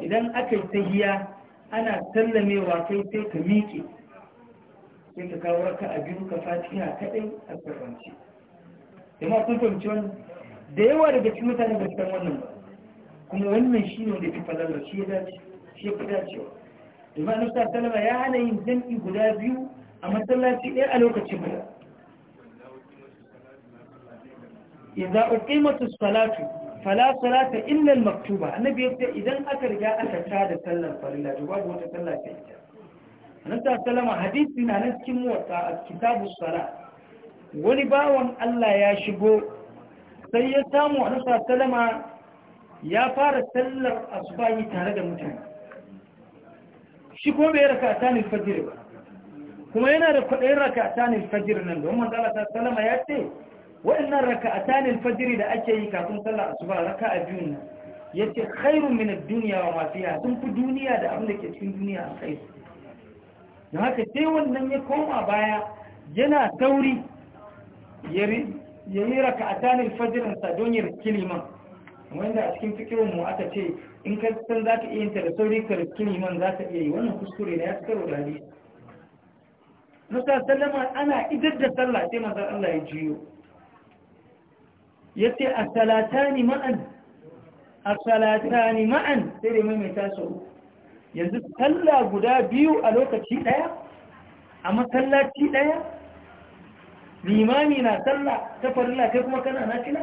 idan aka yi tahiya ana sallamewa kai sai ka miƙe sai ka kawo raka'a biyu ka fatiha kadai a sarrance jama'a kun fahimci wani. da yawa daga cikin mutane ba san wannan ba kuma wannan shi ne da fi falala shi ya dace shi ya fi dacewa domin annabi sallallahu alaihi ya hana yin jam'i guda biyu a masallaci ɗaya a lokacin guda idza uqimatu salatu fala salata illa al-maktuba annabi yace idan aka riga aka tada sallar farilla to babu wata sallah ta ita annabi sallama hadisi na nan cikin muwatta a kitabu salat wani bawan Allah ya shigo sai ya samu annabi sallama ya fara sallar asubahi tare da mutane shi ko bai raka ta ne fajr ba kuma yana da kwaɗayin raka ta ne fajr nan don manzo Allah sallama ya ce waɗannan raka'atan fajiri da ake yi kafin sallar asuba raka'a biyu nan yace khairun min ad-dunya wa ma fiha sun fi duniya da abin da ke cikin duniya a kai don haka sai wannan ya koma baya yana tauri. ya yi raka'atan al-fajr sa don ya riski wanda a cikin fikirin mu aka ce in ka san zaka iya yin ta da sauri ka riski zaka iya yi wannan kuskure ne ya karo da hadisi Musa sallama ana idar da sallah sai manzon Allah ya jiyo yace as-salatani ma'an as-salatani ma'an sai mai mai taso yanzu sallah guda biyu a lokaci daya a masallaci daya limami na sallah ta farilla kai kuma kana na nafila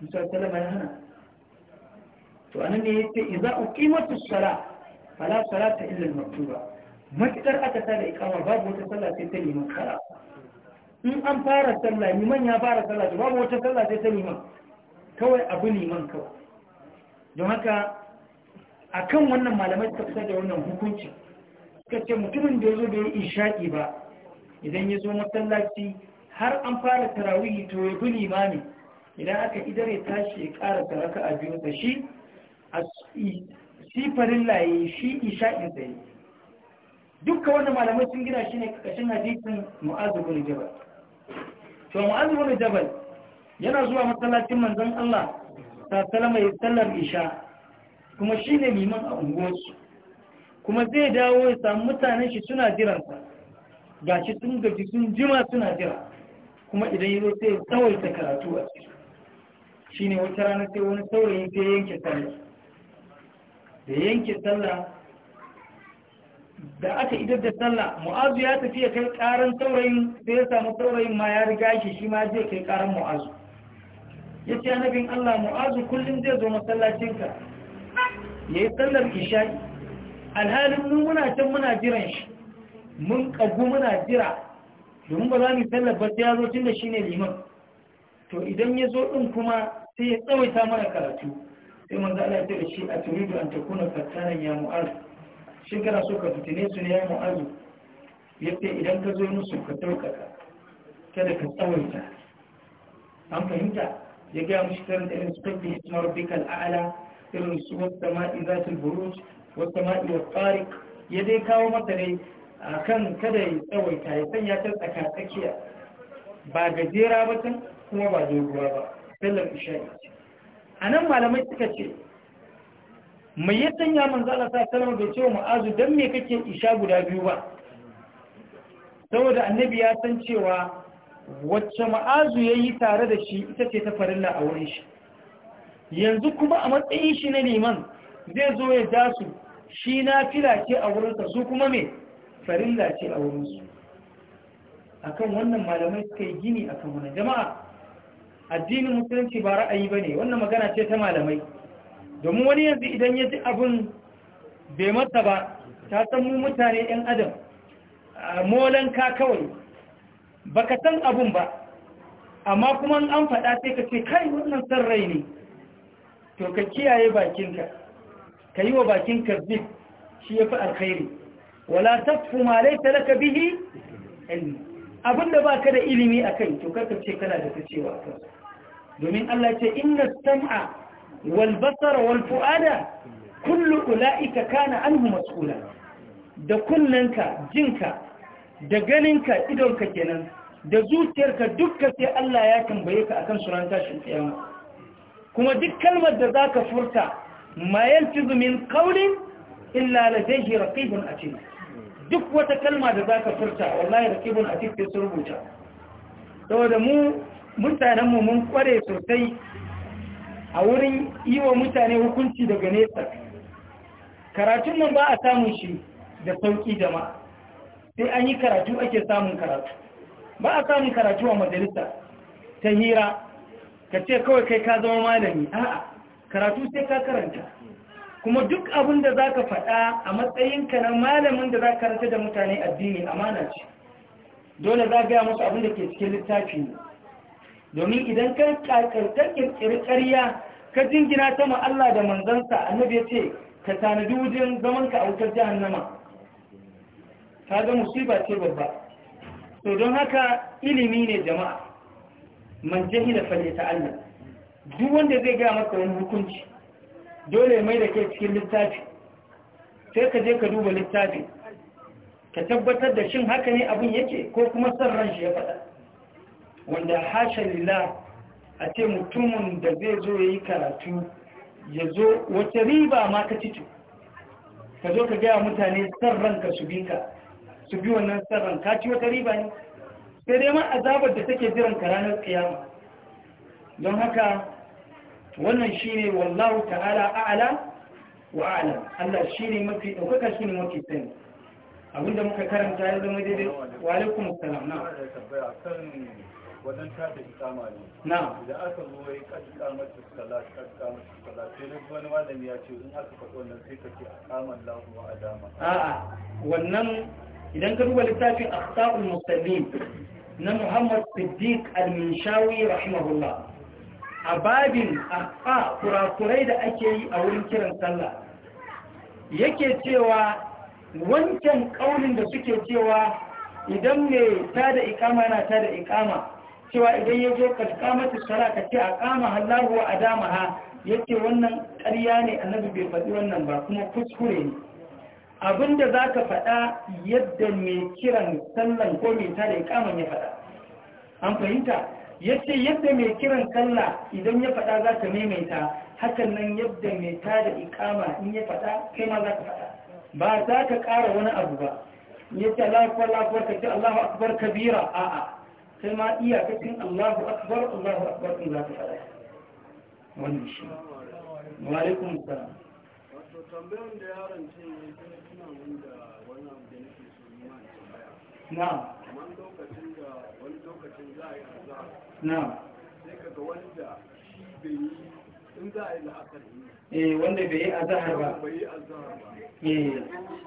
Musa sallama ya hana to anan ne yace idza uqimatu as-salah fala salata illa al-maktuba matakar aka tada iqama babu wata sallah sai ta liman kara in an fara sallah liman ya fara sallah to babu wata sallah sai ta liman kawai abu liman kawai don haka akan wannan malamai suka fita da wannan hukunci suka ce mutumin da ya zo da ya isha'i ba idan ya zo masallaci har an fara tarawihi to ya bi limami idan aka idare tashi ya ƙara taraka a biyu da shi a sifarin laye shi isha'in sai dukkan wannan malamai sun gina shi ne ƙarƙashin hadisin mu'azu bin jabal to mu'azu bin jabal yana zuwa masallacin manzon Allah ta salama ya sallar isha kuma shine liman a unguwarsu kuma zai dawo ya samu mutanen shi suna jiransa shi sun gaji sun jima suna jira kuma idan yazo sai ya tsawaita karatu a ciki shine wata rana sai wani saurayi sai yanke sallah da yanke sallah da aka idar da sallah mu'azu ya tafi ya kai karan saurayin da ya samu saurayin ma ya riga shi shi ma zai kai karan mu'azu ya ce annabin Allah mu'azu kullum zai zo masallacinka ya yi sallar isha'i alhalin mun muna can muna jiran shi mun kagu muna jira domin ba za mu sallar ba sai ya zo tun da shi ne liman to idan ya zo ɗin kuma sai ya tsawaita mana karatu sai manzo Allah ya ce shi a turidu an takuna fattanan ya mu'azu shi kana so ka fitine su ne ya mu'azu yadda idan ka zo musu ka ta kada ka tsawaita an fahimta ya gaya mushi da irin su fi ismar bikal a'ala irin su wata ma'i za ta buruj wata ma'i wa tsari ya dai kawo mata dai a kan kada ya tsawaita ya sanya ta tsaka tsakiya ba gajera ba kuma ba doguwa ba sallar isha'i a nan malamai suka ce mai ya sanya manzo Allah ta sallama bai ce wa ma'azu dan me kake isha guda biyu ba saboda annabi ya san cewa wacce mu'azu yayi tare da shi ita ce ta farilla a wurin shi yanzu kuma a matsayin shi na liman zai zo ya ja su shi na fila ce a wurinsa su kuma me farilla ce a wurinsu akan wannan malamai suka yi gini akan wannan jama'a addinin musulunci ba ra'ayi ba ne wannan magana ce ta malamai domin wani yanzu idan ya ji abin bai mata ba ta san mu mutane 'yan adam molanka kawai ba ka san abin ba amma kuma an faɗa sai ka ce kai wannan san rai ne to ka kiyaye bakinka ka yi wa bakinka zip shi ya fi alkhairi wala tafi malai laita laka bihi ilmi da ba ka da ilimi a kai to karkar ce kana da ta cewa kan domin Allah ce inna sam'a والبصر والفؤاد كل أولئك كان عنه مسؤولا da kunnen-ka jinka da ganinka idonka kenan da zuciyarka dukka sai Allah ya tambaye ka akan sunan tashin kiyama kuma duk kalmar da zaka furta ma yalfizu min qawlin illa ladayhi raqibun atid duk wata kalma da zaka furta wallahi raqibun atid sai rubuta saboda mu mutanen mu mun kware sosai a wurin yi wa mutane hukunci daga nesa karatun nan ba a samun shi da sauƙi jama'a sai an yi karatu ake samun karatu ba a samun karatu a majalisa ta hira ka ce kawai kai ka zama malami a'a karatu sai ka karanta kuma duk abin da za ka faɗa a matsayinka na malamin da za ka karanta da mutane addini amana ce dole za gaya musu abin da ke cikin littafi ne domin idan karkar kirkiri karya, ka jingina ta ma Allah da manzansa annabi ya ce ka tanadi wajen zaman ka a wutar jahannama Ka ga musiba ce babba to don haka ilimi ne jama'a man jahila falle ta Allah duk wanda zai gaya maka wani hukunci dole mai da kai cikin littafi sai ka je ka duba littafi ka tabbatar da shin haka ne abin yake ko kuma son ran shi ya faɗa wanda hasha lillah a ce mutumin da zai zo ya yi karatu ya zo wata riba ma ka cito ka zo ka gaya mutane san ranka su bi ka su bi wannan sarran ka ci wata riba ne sai dai ma azabar da take jiran ka ranar kiyama don haka wannan ne wallahu ta'ala a'ala wa a'lam Allah ne mafi shi ne mafi sani abinda muka karanta ya zama daidai wa alaikum assalam na wajen ta da ikama ne idan aka zo ya kaji kamar su salat kaji kamar su salat sai na wani malami ya ce in aka faɗo wannan sai ka ce a kamar lahu wa adama a'a wannan idan ka duba littafin akhta'ul musallin na Muhammad Siddiq al-Minshawi rahimahullah a babin akha kurakurai da ake yi a wurin kiran sallah yake cewa wancan ƙaunin da suke cewa idan mai ta da ikama na ta da ikama cewa idan ya zo ka kamata sala ka ce a kama hallahu wa adama ha yake wannan ƙarya ne annabi bai faɗi wannan ba kuma kuskure ne abinda za ka faɗa yadda mai kiran sallan ko mai tada ikaman ya faɗa an fahimta ya ce yadda mai kiran sallah idan ya faɗa za ka maimaita hakan nan yadda mai tada ikama in ya faɗa kai ma za ka faɗa ba za ka ƙara wani abu ba ya yace Allahu ce Allahu akabar kabira a'a sai ma iya iyakacin Allahu akbar Allahu akbar in za ka fara wannan shi wa alaikum salam wato tambayan da yaron ce ne suna mun da wani abu da nake so ni ma tambaya na wani lokacin da wani lokacin za a yi azza na sai ka kaga wanda shi bai yi in za a yi la'akari eh wanda bai yi azhar ba bai yi azhar ba eh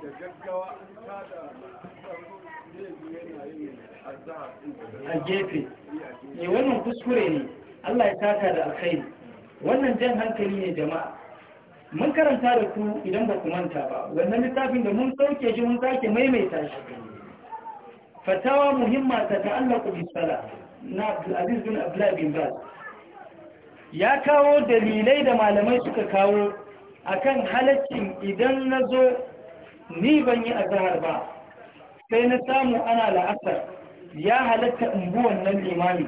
da gaggawa an tada a gefe ne eh, wannan kuskure ne Allah ya taka da alkhairi wannan jan hankali ne jama'a mun karanta da ku idan ba ku manta ba wannan littafin da mun sauke shi mun sake maimaita shi fatawa muhimma ta ta'allaqu bi sala na Aziz bin Abdullah bin Baz ya kawo dalilai da malamai suka kawo akan halaccin idan nazo ni ban yi azhar ba sai na samu ana la'asar ya halatta in bi wannan limami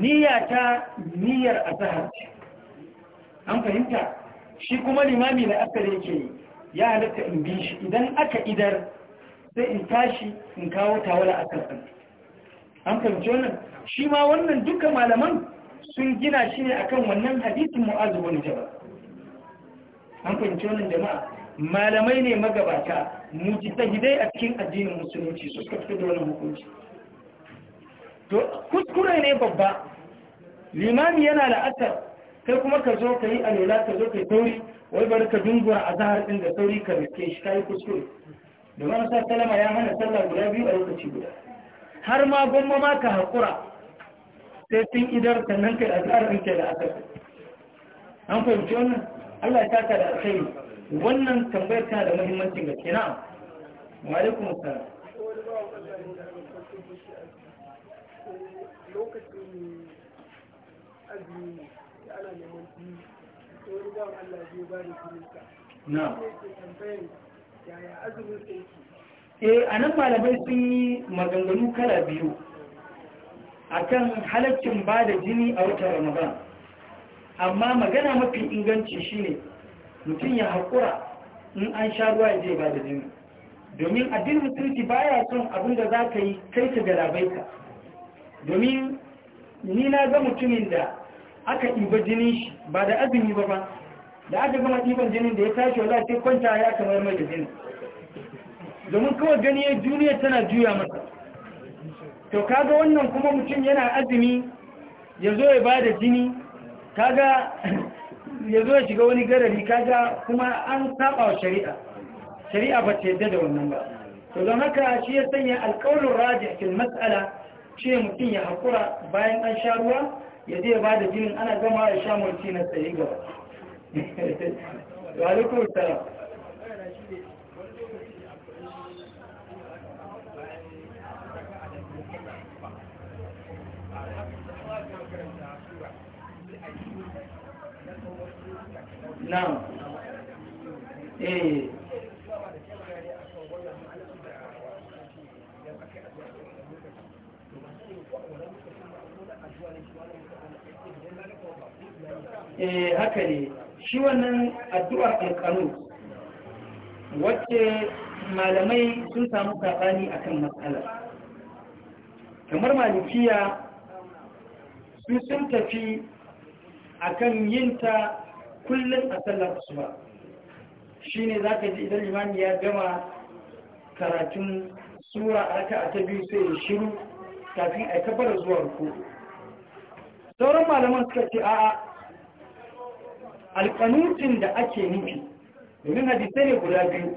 niyya ta niyyar azhar an fahimta shi kuma limami la'asar yake ya halatta in bi shi idan aka idar sai in tashi in kawo tawala la'asar din an fahimci wannan shi ma wannan duka malaman sun gina shi ne akan wannan hadisin mu'azu wani jaba an fahimci wannan jama'a malamai ne magabata mujtahidai a cikin addinin musulunci su suka fito da wannan hukunci to kuskure ne babba limami yana la'asar kai kuma ka zo ka yi alola ka zo ka yi tauri wai bari ka dungura a zahar ɗin da sauri ka riske shi ka yi kuskure domin sa salama ya hana sallah guda biyu a lokaci guda har ma gwamma ma ka haƙura sai sun idar sannan kai a zahar ɗin kai asar an fahimci wannan allah ya taka da alkhairi wannan tambayar tana da muhimmancin gaske na alaikum eh, a nan malamai sun yi maganganu kala biyu akan halaccin ba da jini a watan ramadan amma magana mafi inganci shine mutum ya haƙura in an sha ruwa ya je ba da jini domin addinin musulunci ya son abin da za ka yi kai ka domin ni na ga mutumin da aka ɗiba jinin shi ba da azumi ba ba da aka gama ɗiban jinin da ya tashi wala sai kwanta ya kamar mai da jini domin kawai gani ya duniya tana juya masa to kaga wannan kuma mutum yana azumi ya zo ya ba da jini kaga ya zo ya shiga wani garari kaga kuma an saba wa shari'a shari'a ba ta yadda da wannan ba to don haka shi ya sanya alƙawlin raji fil mas'ala shi mutum ya haƙura bayan an sha ruwa ya je ba da jinin ana gama ya sha mulki na tsaye gaba Na? eh eh haka ne shi wannan addu'ar alƙanu wacce malamai sun samu a akan matsala? kamar malikiya su sun tafi akan yinta kullum a sallar asuba ne za ka ji idan limami ya gama karatun sura a raka'a ta biyu sai ya shiru kafin a kabar zuwa ruku sauran malaman suka ce a'a alƙanutin da ake nufi domin hadisai ne guda biyu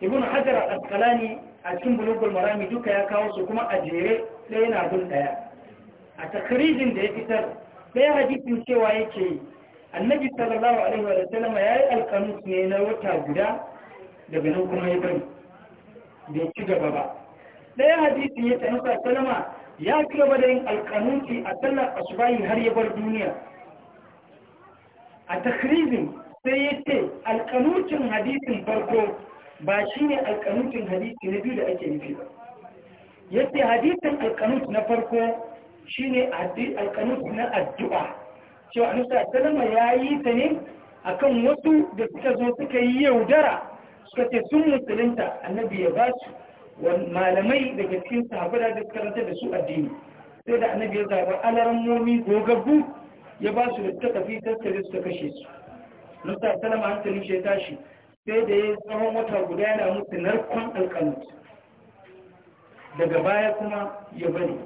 ibn hajar al-asqalani a cikin bulugul marami duka ya kawo su kuma a jere ɗaya na bin ɗaya a takarijin da ya fitar ɗaya hadisin cewa yake annabi sallallahu alaihi wa sallam ya yi alkanus ne na wata guda daga nan kuma ya bari bai ci gaba ba ɗaya hadisi ya tsanuka salama ya ci gaba da yin alkanusi a sallar asubahi har ya bar duniya a takrizin sai ya ce alkanucin hadisin farko ba shi ne alkanucin hadisi na biyu da ake nufi ba ya hadisin alkanus na farko shi ne alkanus na addu'a cewa annabi sallallahu ya yi ta ne kan wasu da suka zo suka yi yaudara suka ce sun musulunta annabi ya ba su malamai daga cikin sahabbai da karanta da su addini sai da annabi ya zaba alarmomi gogaggu ya ba su da suka tafi tattare suka kashe su nusa salama hankalin shi ya tashi sai da ya tsawon wata guda yana musu narkon alkalut daga baya kuma ya bari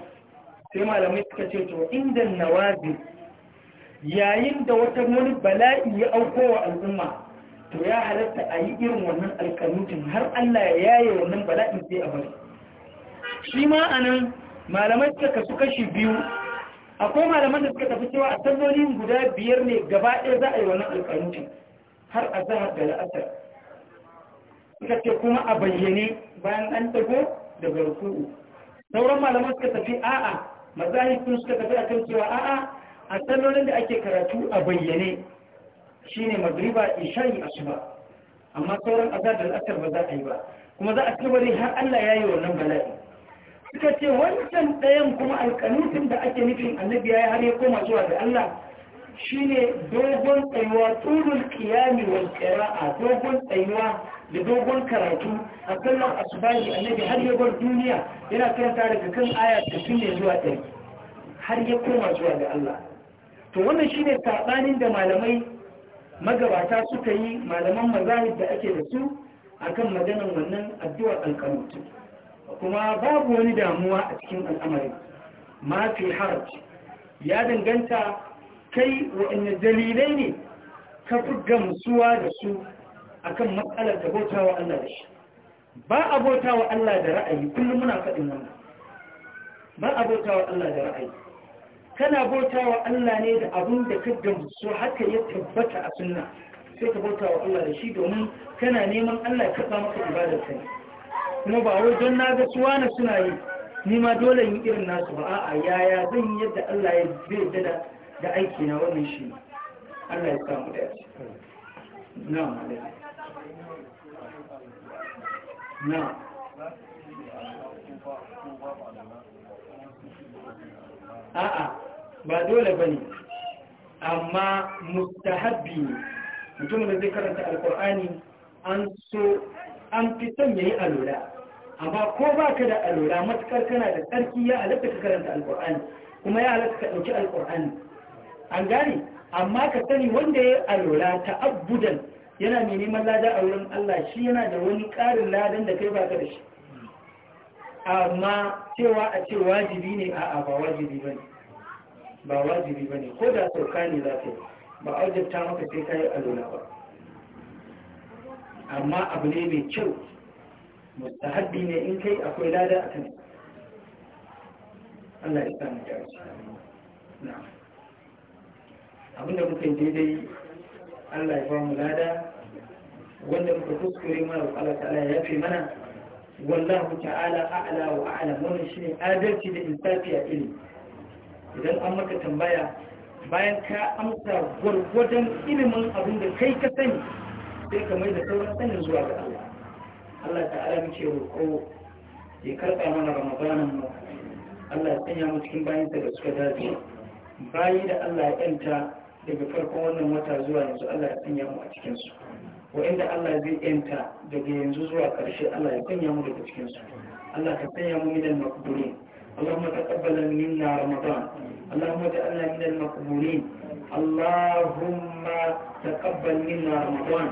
sai malamai suka ce to inda nawazin yayin da wata wani bala'i ya auko wa al'umma to ya halatta a yi irin wannan alkanutin har Allah ya yaye wannan bala'in sai a bari shi ma anan, nan malamai suka kasu kashi biyu akwai malaman da suka tafi cewa a tsalloli guda biyar ne gaba ɗaya za a yi wannan alkanutin har a zahar da la'asar suka ce kuma a bayyane bayan an tago daga ruku'u sauran malaman suka tafi a'a sun suka tafi a kan cewa a'a a sallolin da ake karatu a bayyane shine magriba isha'i asuba amma sauran azar da al'asar ba za a yi ba kuma za a ci bari har Allah ya yi wannan bala'i suka ce wancan ɗayan kuma alƙanutin da ake nufin annabi ya yi har ya koma zuwa da Allah shine dogon tsayuwa turul kiyami wal a dogon tsayuwa da dogon karatu a sallar asubahi annabi har ya bar duniya yana karanta daga kan aya ta ne zuwa ɗari har ya koma zuwa da Allah to wannan shine sabanin da malamai magabata suka yi malaman mazahib da ake da su akan maganan wannan addu'ar alqanut kuma babu wani damuwa a cikin al'amarin ma fi haraj ya danganta kai wa'anne dalilai ne ka fi gamsuwa da su akan matsalar da bautawa Allah da shi ba a bautawa Allah da ra'ayi kullum muna faɗin wannan ba a bautawa Allah da ra'ayi kana bautawa Allah ne da abin da ka gamsu haka ya tabbata a sunna sai ka bautawa Allah da shi domin kana neman Allah ya karɓa maka ibadar kai kuma ba wai don na ga suwa na suna yi ni ma dole in irin nasu ba a'a yaya zan yadda Allah ya zai da da aiki na wannan shi Allah ya samu da yaci na'am na'am a'a ba dole ba ne amma mustahabbi ne mutum da zai karanta alkur'ani an so an fi son ya yi alura amma ko ba ka da alura matukar kana da tsarki ya halatta ka karanta alkur'ani kuma ya halatta ka ɗauki alkur'ani an gane amma ka sani wanda ya yi alura ta abudan yana mai neman lada a wurin Allah shi yana da wani ƙarin ladan da kai ba ka da shi amma cewa a ce wajibi ne a ba wajibi ba ne ba wajibi ba ne ko da sauka ne za ka yi ba a maka sai ka yi alola ba amma abu ne mai kyau haddi ne in kai akwai lada a kan Allah ya samu da na abinda muka yi daidai Allah ya bamu mu lada wanda muka kuskure mana Allah ta'ala ya fi mana wallahu ta'ala a'la wa a'lam wannan shine adalci da insafi a ilimi idan an maka tambaya bayan ka amsa gwargwadon ilimin abin da kai ka sani sai ka mai da sauran sanin zuwa ga Allah Allah ala muke roƙo ya karɓa mana ramadanin mu Allah ya sanya mu cikin bayan da suka dace bayi da Allah ya yanta daga farkon wannan wata zuwa yanzu Allah ya sanya mu a cikin su wa'inda Allah zai yanta daga yanzu zuwa ƙarshe Allah ya sanya mu daga cikin su Allah ka sanya mu midan makbulin اللهم تقبل منا رمضان اللهم اجعلنا من المقبولين اللهم تقبل منا رمضان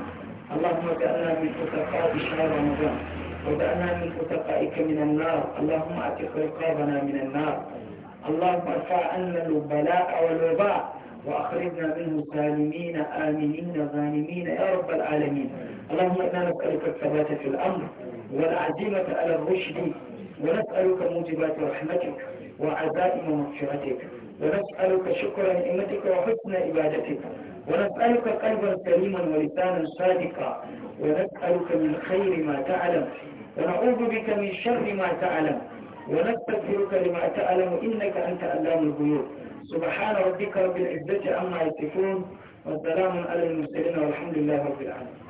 اللهم اجعلنا من فتقاء شهر رمضان وجعلنا من فتقائك من النار اللهم أتق رقابنا من النار اللهم ارفع عنا البلاء والوباء وأخرجنا منه سالمين آمنين غانمين يا رب العالمين اللهم إنا نسألك الثبات في الأمر والعزيمة على الرشد ونسألك موجبات رحمتك وعزائم مغفرتك ونسألك شكر نعمتك وحسن عبادتك ونسألك قلبا سليما ولسانا صادقا ونسألك من خير ما تعلم ونعوذ بك من شر ما تعلم ونستغفرك لما تعلم إنك أنت علام الغيوب سبحان ربك رب العزة عما يصفون والسلام على المرسلين والحمد لله رب العالمين